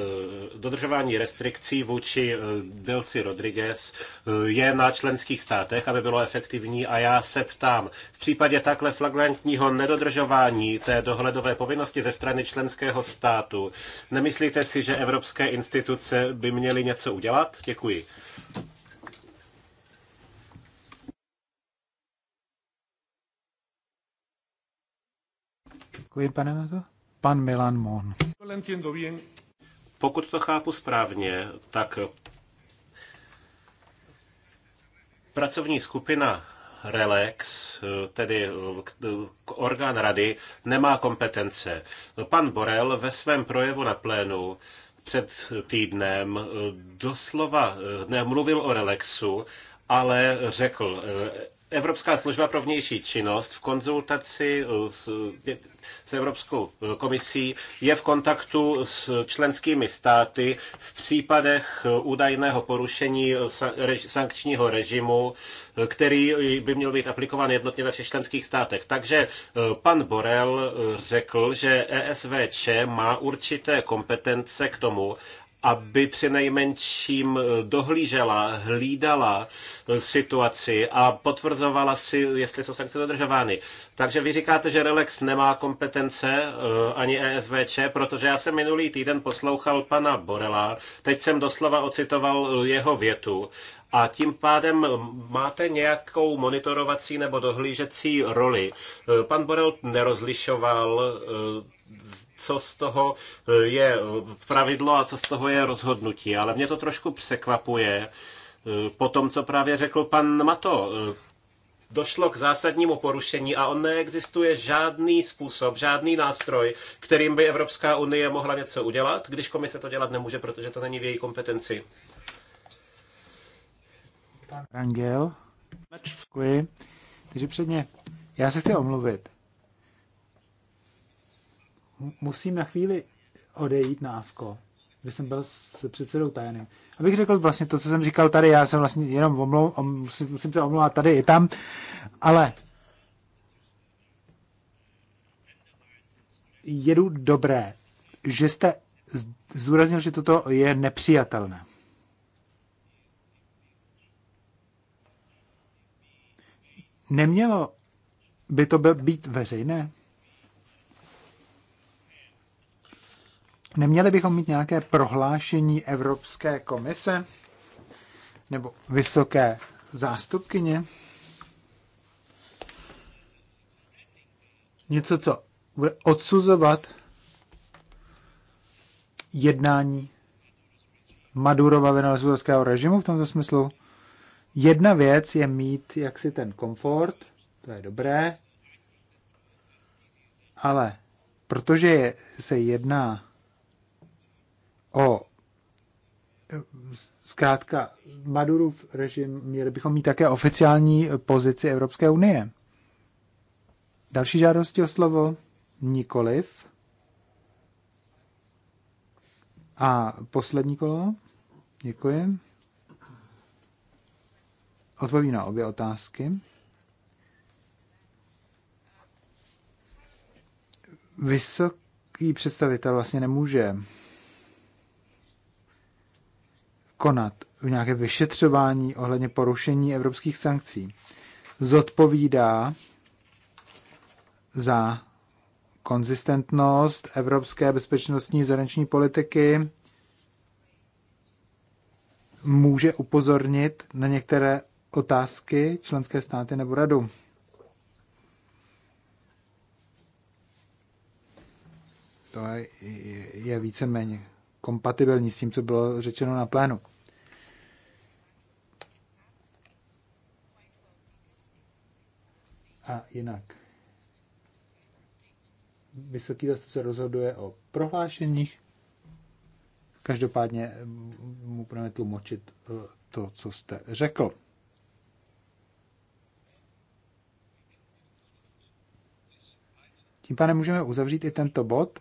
dodržování restrikcí vůči eh, Delsi Rodriguez eh, je na členských státech, aby bylo efektivní a já se ptám, v případě takhle flagrantního nedodržování té dohledové povinnosti ze strany členského státu, nemyslíte si, že evropské instituce by měly něco udělat? Děkuji. Děkuji, pane Mato pan Milan Mon. Pokud to chápu správně, tak pracovní skupina Relax, tedy orgán rady, nemá kompetence. Pan Borel ve svém projevu na plénu před týdnem doslova nemluvil o Relaxu, ale řekl, Evropská služba pro vnější činnost v konzultaci eh, s, eh, s Evropskou eh, komisí je v kontaktu s členskými státy v případech údajného porušení sankčního režimu, který by měl být aplikován jednotně ve všech členských státech. Takže pan Borel řekl, že ESVČ má určité kompetence k tomu, aby při nejmenším eh, dohlížela, hlídala eh, situaci a potvrzovala si, jestli jsou sankce dodržovány. Takže vy říkáte, že Relax nemá kompetence eh, ani ESVČ, protože já jsem minulý týden poslouchal pana Borela, teď jsem doslova ocitoval jeho větu a tím pádem máte nějakou monitorovací nebo dohlížecí roli. Pan Borel nerozlišoval co z toho eh, je eh, pravidlo a co z toho je rozhodnutí. Ale mě to trošku překvapuje eh, po tom, co právě řekl pan Mato došlo k zásadnímu porušení a on neexistuje žádný způsob, žádný nástroj, kterým by Evropská unie mohla něco udělat, když komise to dělat nemůže, protože to není v její kompetenci. Pan Rangel, děkuji. Takže předně, já se chci omluvit musím na chvíli odejít na Avko, kde jsem byl s předsedou Tajanem. Abych řekl vlastně to, co jsem říkal tady, já jsem vlastně jenom omlou, om, musím, musím se omlouvat tady i tam, ale jedu dobré, že jste zúraznil, že toto je nepřijatelné. Nemělo by to být veřejné? Neměli bychom mít nějaké prohlášení Evropské komise nebo vysoké zástupkyně? Něco, co bude odsuzovat jednání Madurova venezuelského režimu v tomto smyslu. Jedna věc je mít jaksi ten komfort, to je dobré, ale protože se jedná o zkrátka Madurův režim, měli bychom mít také oficiální pozici Evropské unie. Další žádosti o slovo? Nikoliv. A poslední kolo? Děkuji. Odpovím na obě otázky. Vysoký představitel vlastně nemůže konat v nějaké vyšetřování ohledně porušení evropských sankcí, zodpovídá za konzistentnost evropské bezpečnostní zahraniční politiky, může upozornit na některé otázky členské státy nebo radu. To je, je, je víceméně kompatibilní s tím, co bylo řečeno na plénu. A jinak. Vysoký zastupce rozhoduje o prohlášeních. Každopádně mu budeme tlumočit eh, to, co jste řekl. Tím pádem můžeme uzavřít i tento bod.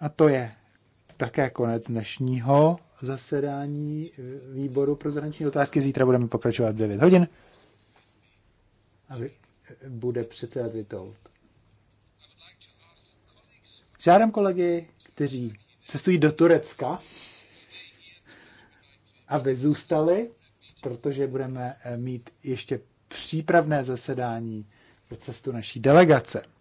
A to je také konec dnešního zasedání eh, výboru pro zahraniční otázky. Zítra budeme pokračovat v 9 hodin. A eh, bude předsedat Vitold. Žádám kolegy, kteří cestují do Turecka, aby zůstali, protože budeme eh, mít ještě přípravné zasedání pro cestu naší delegace.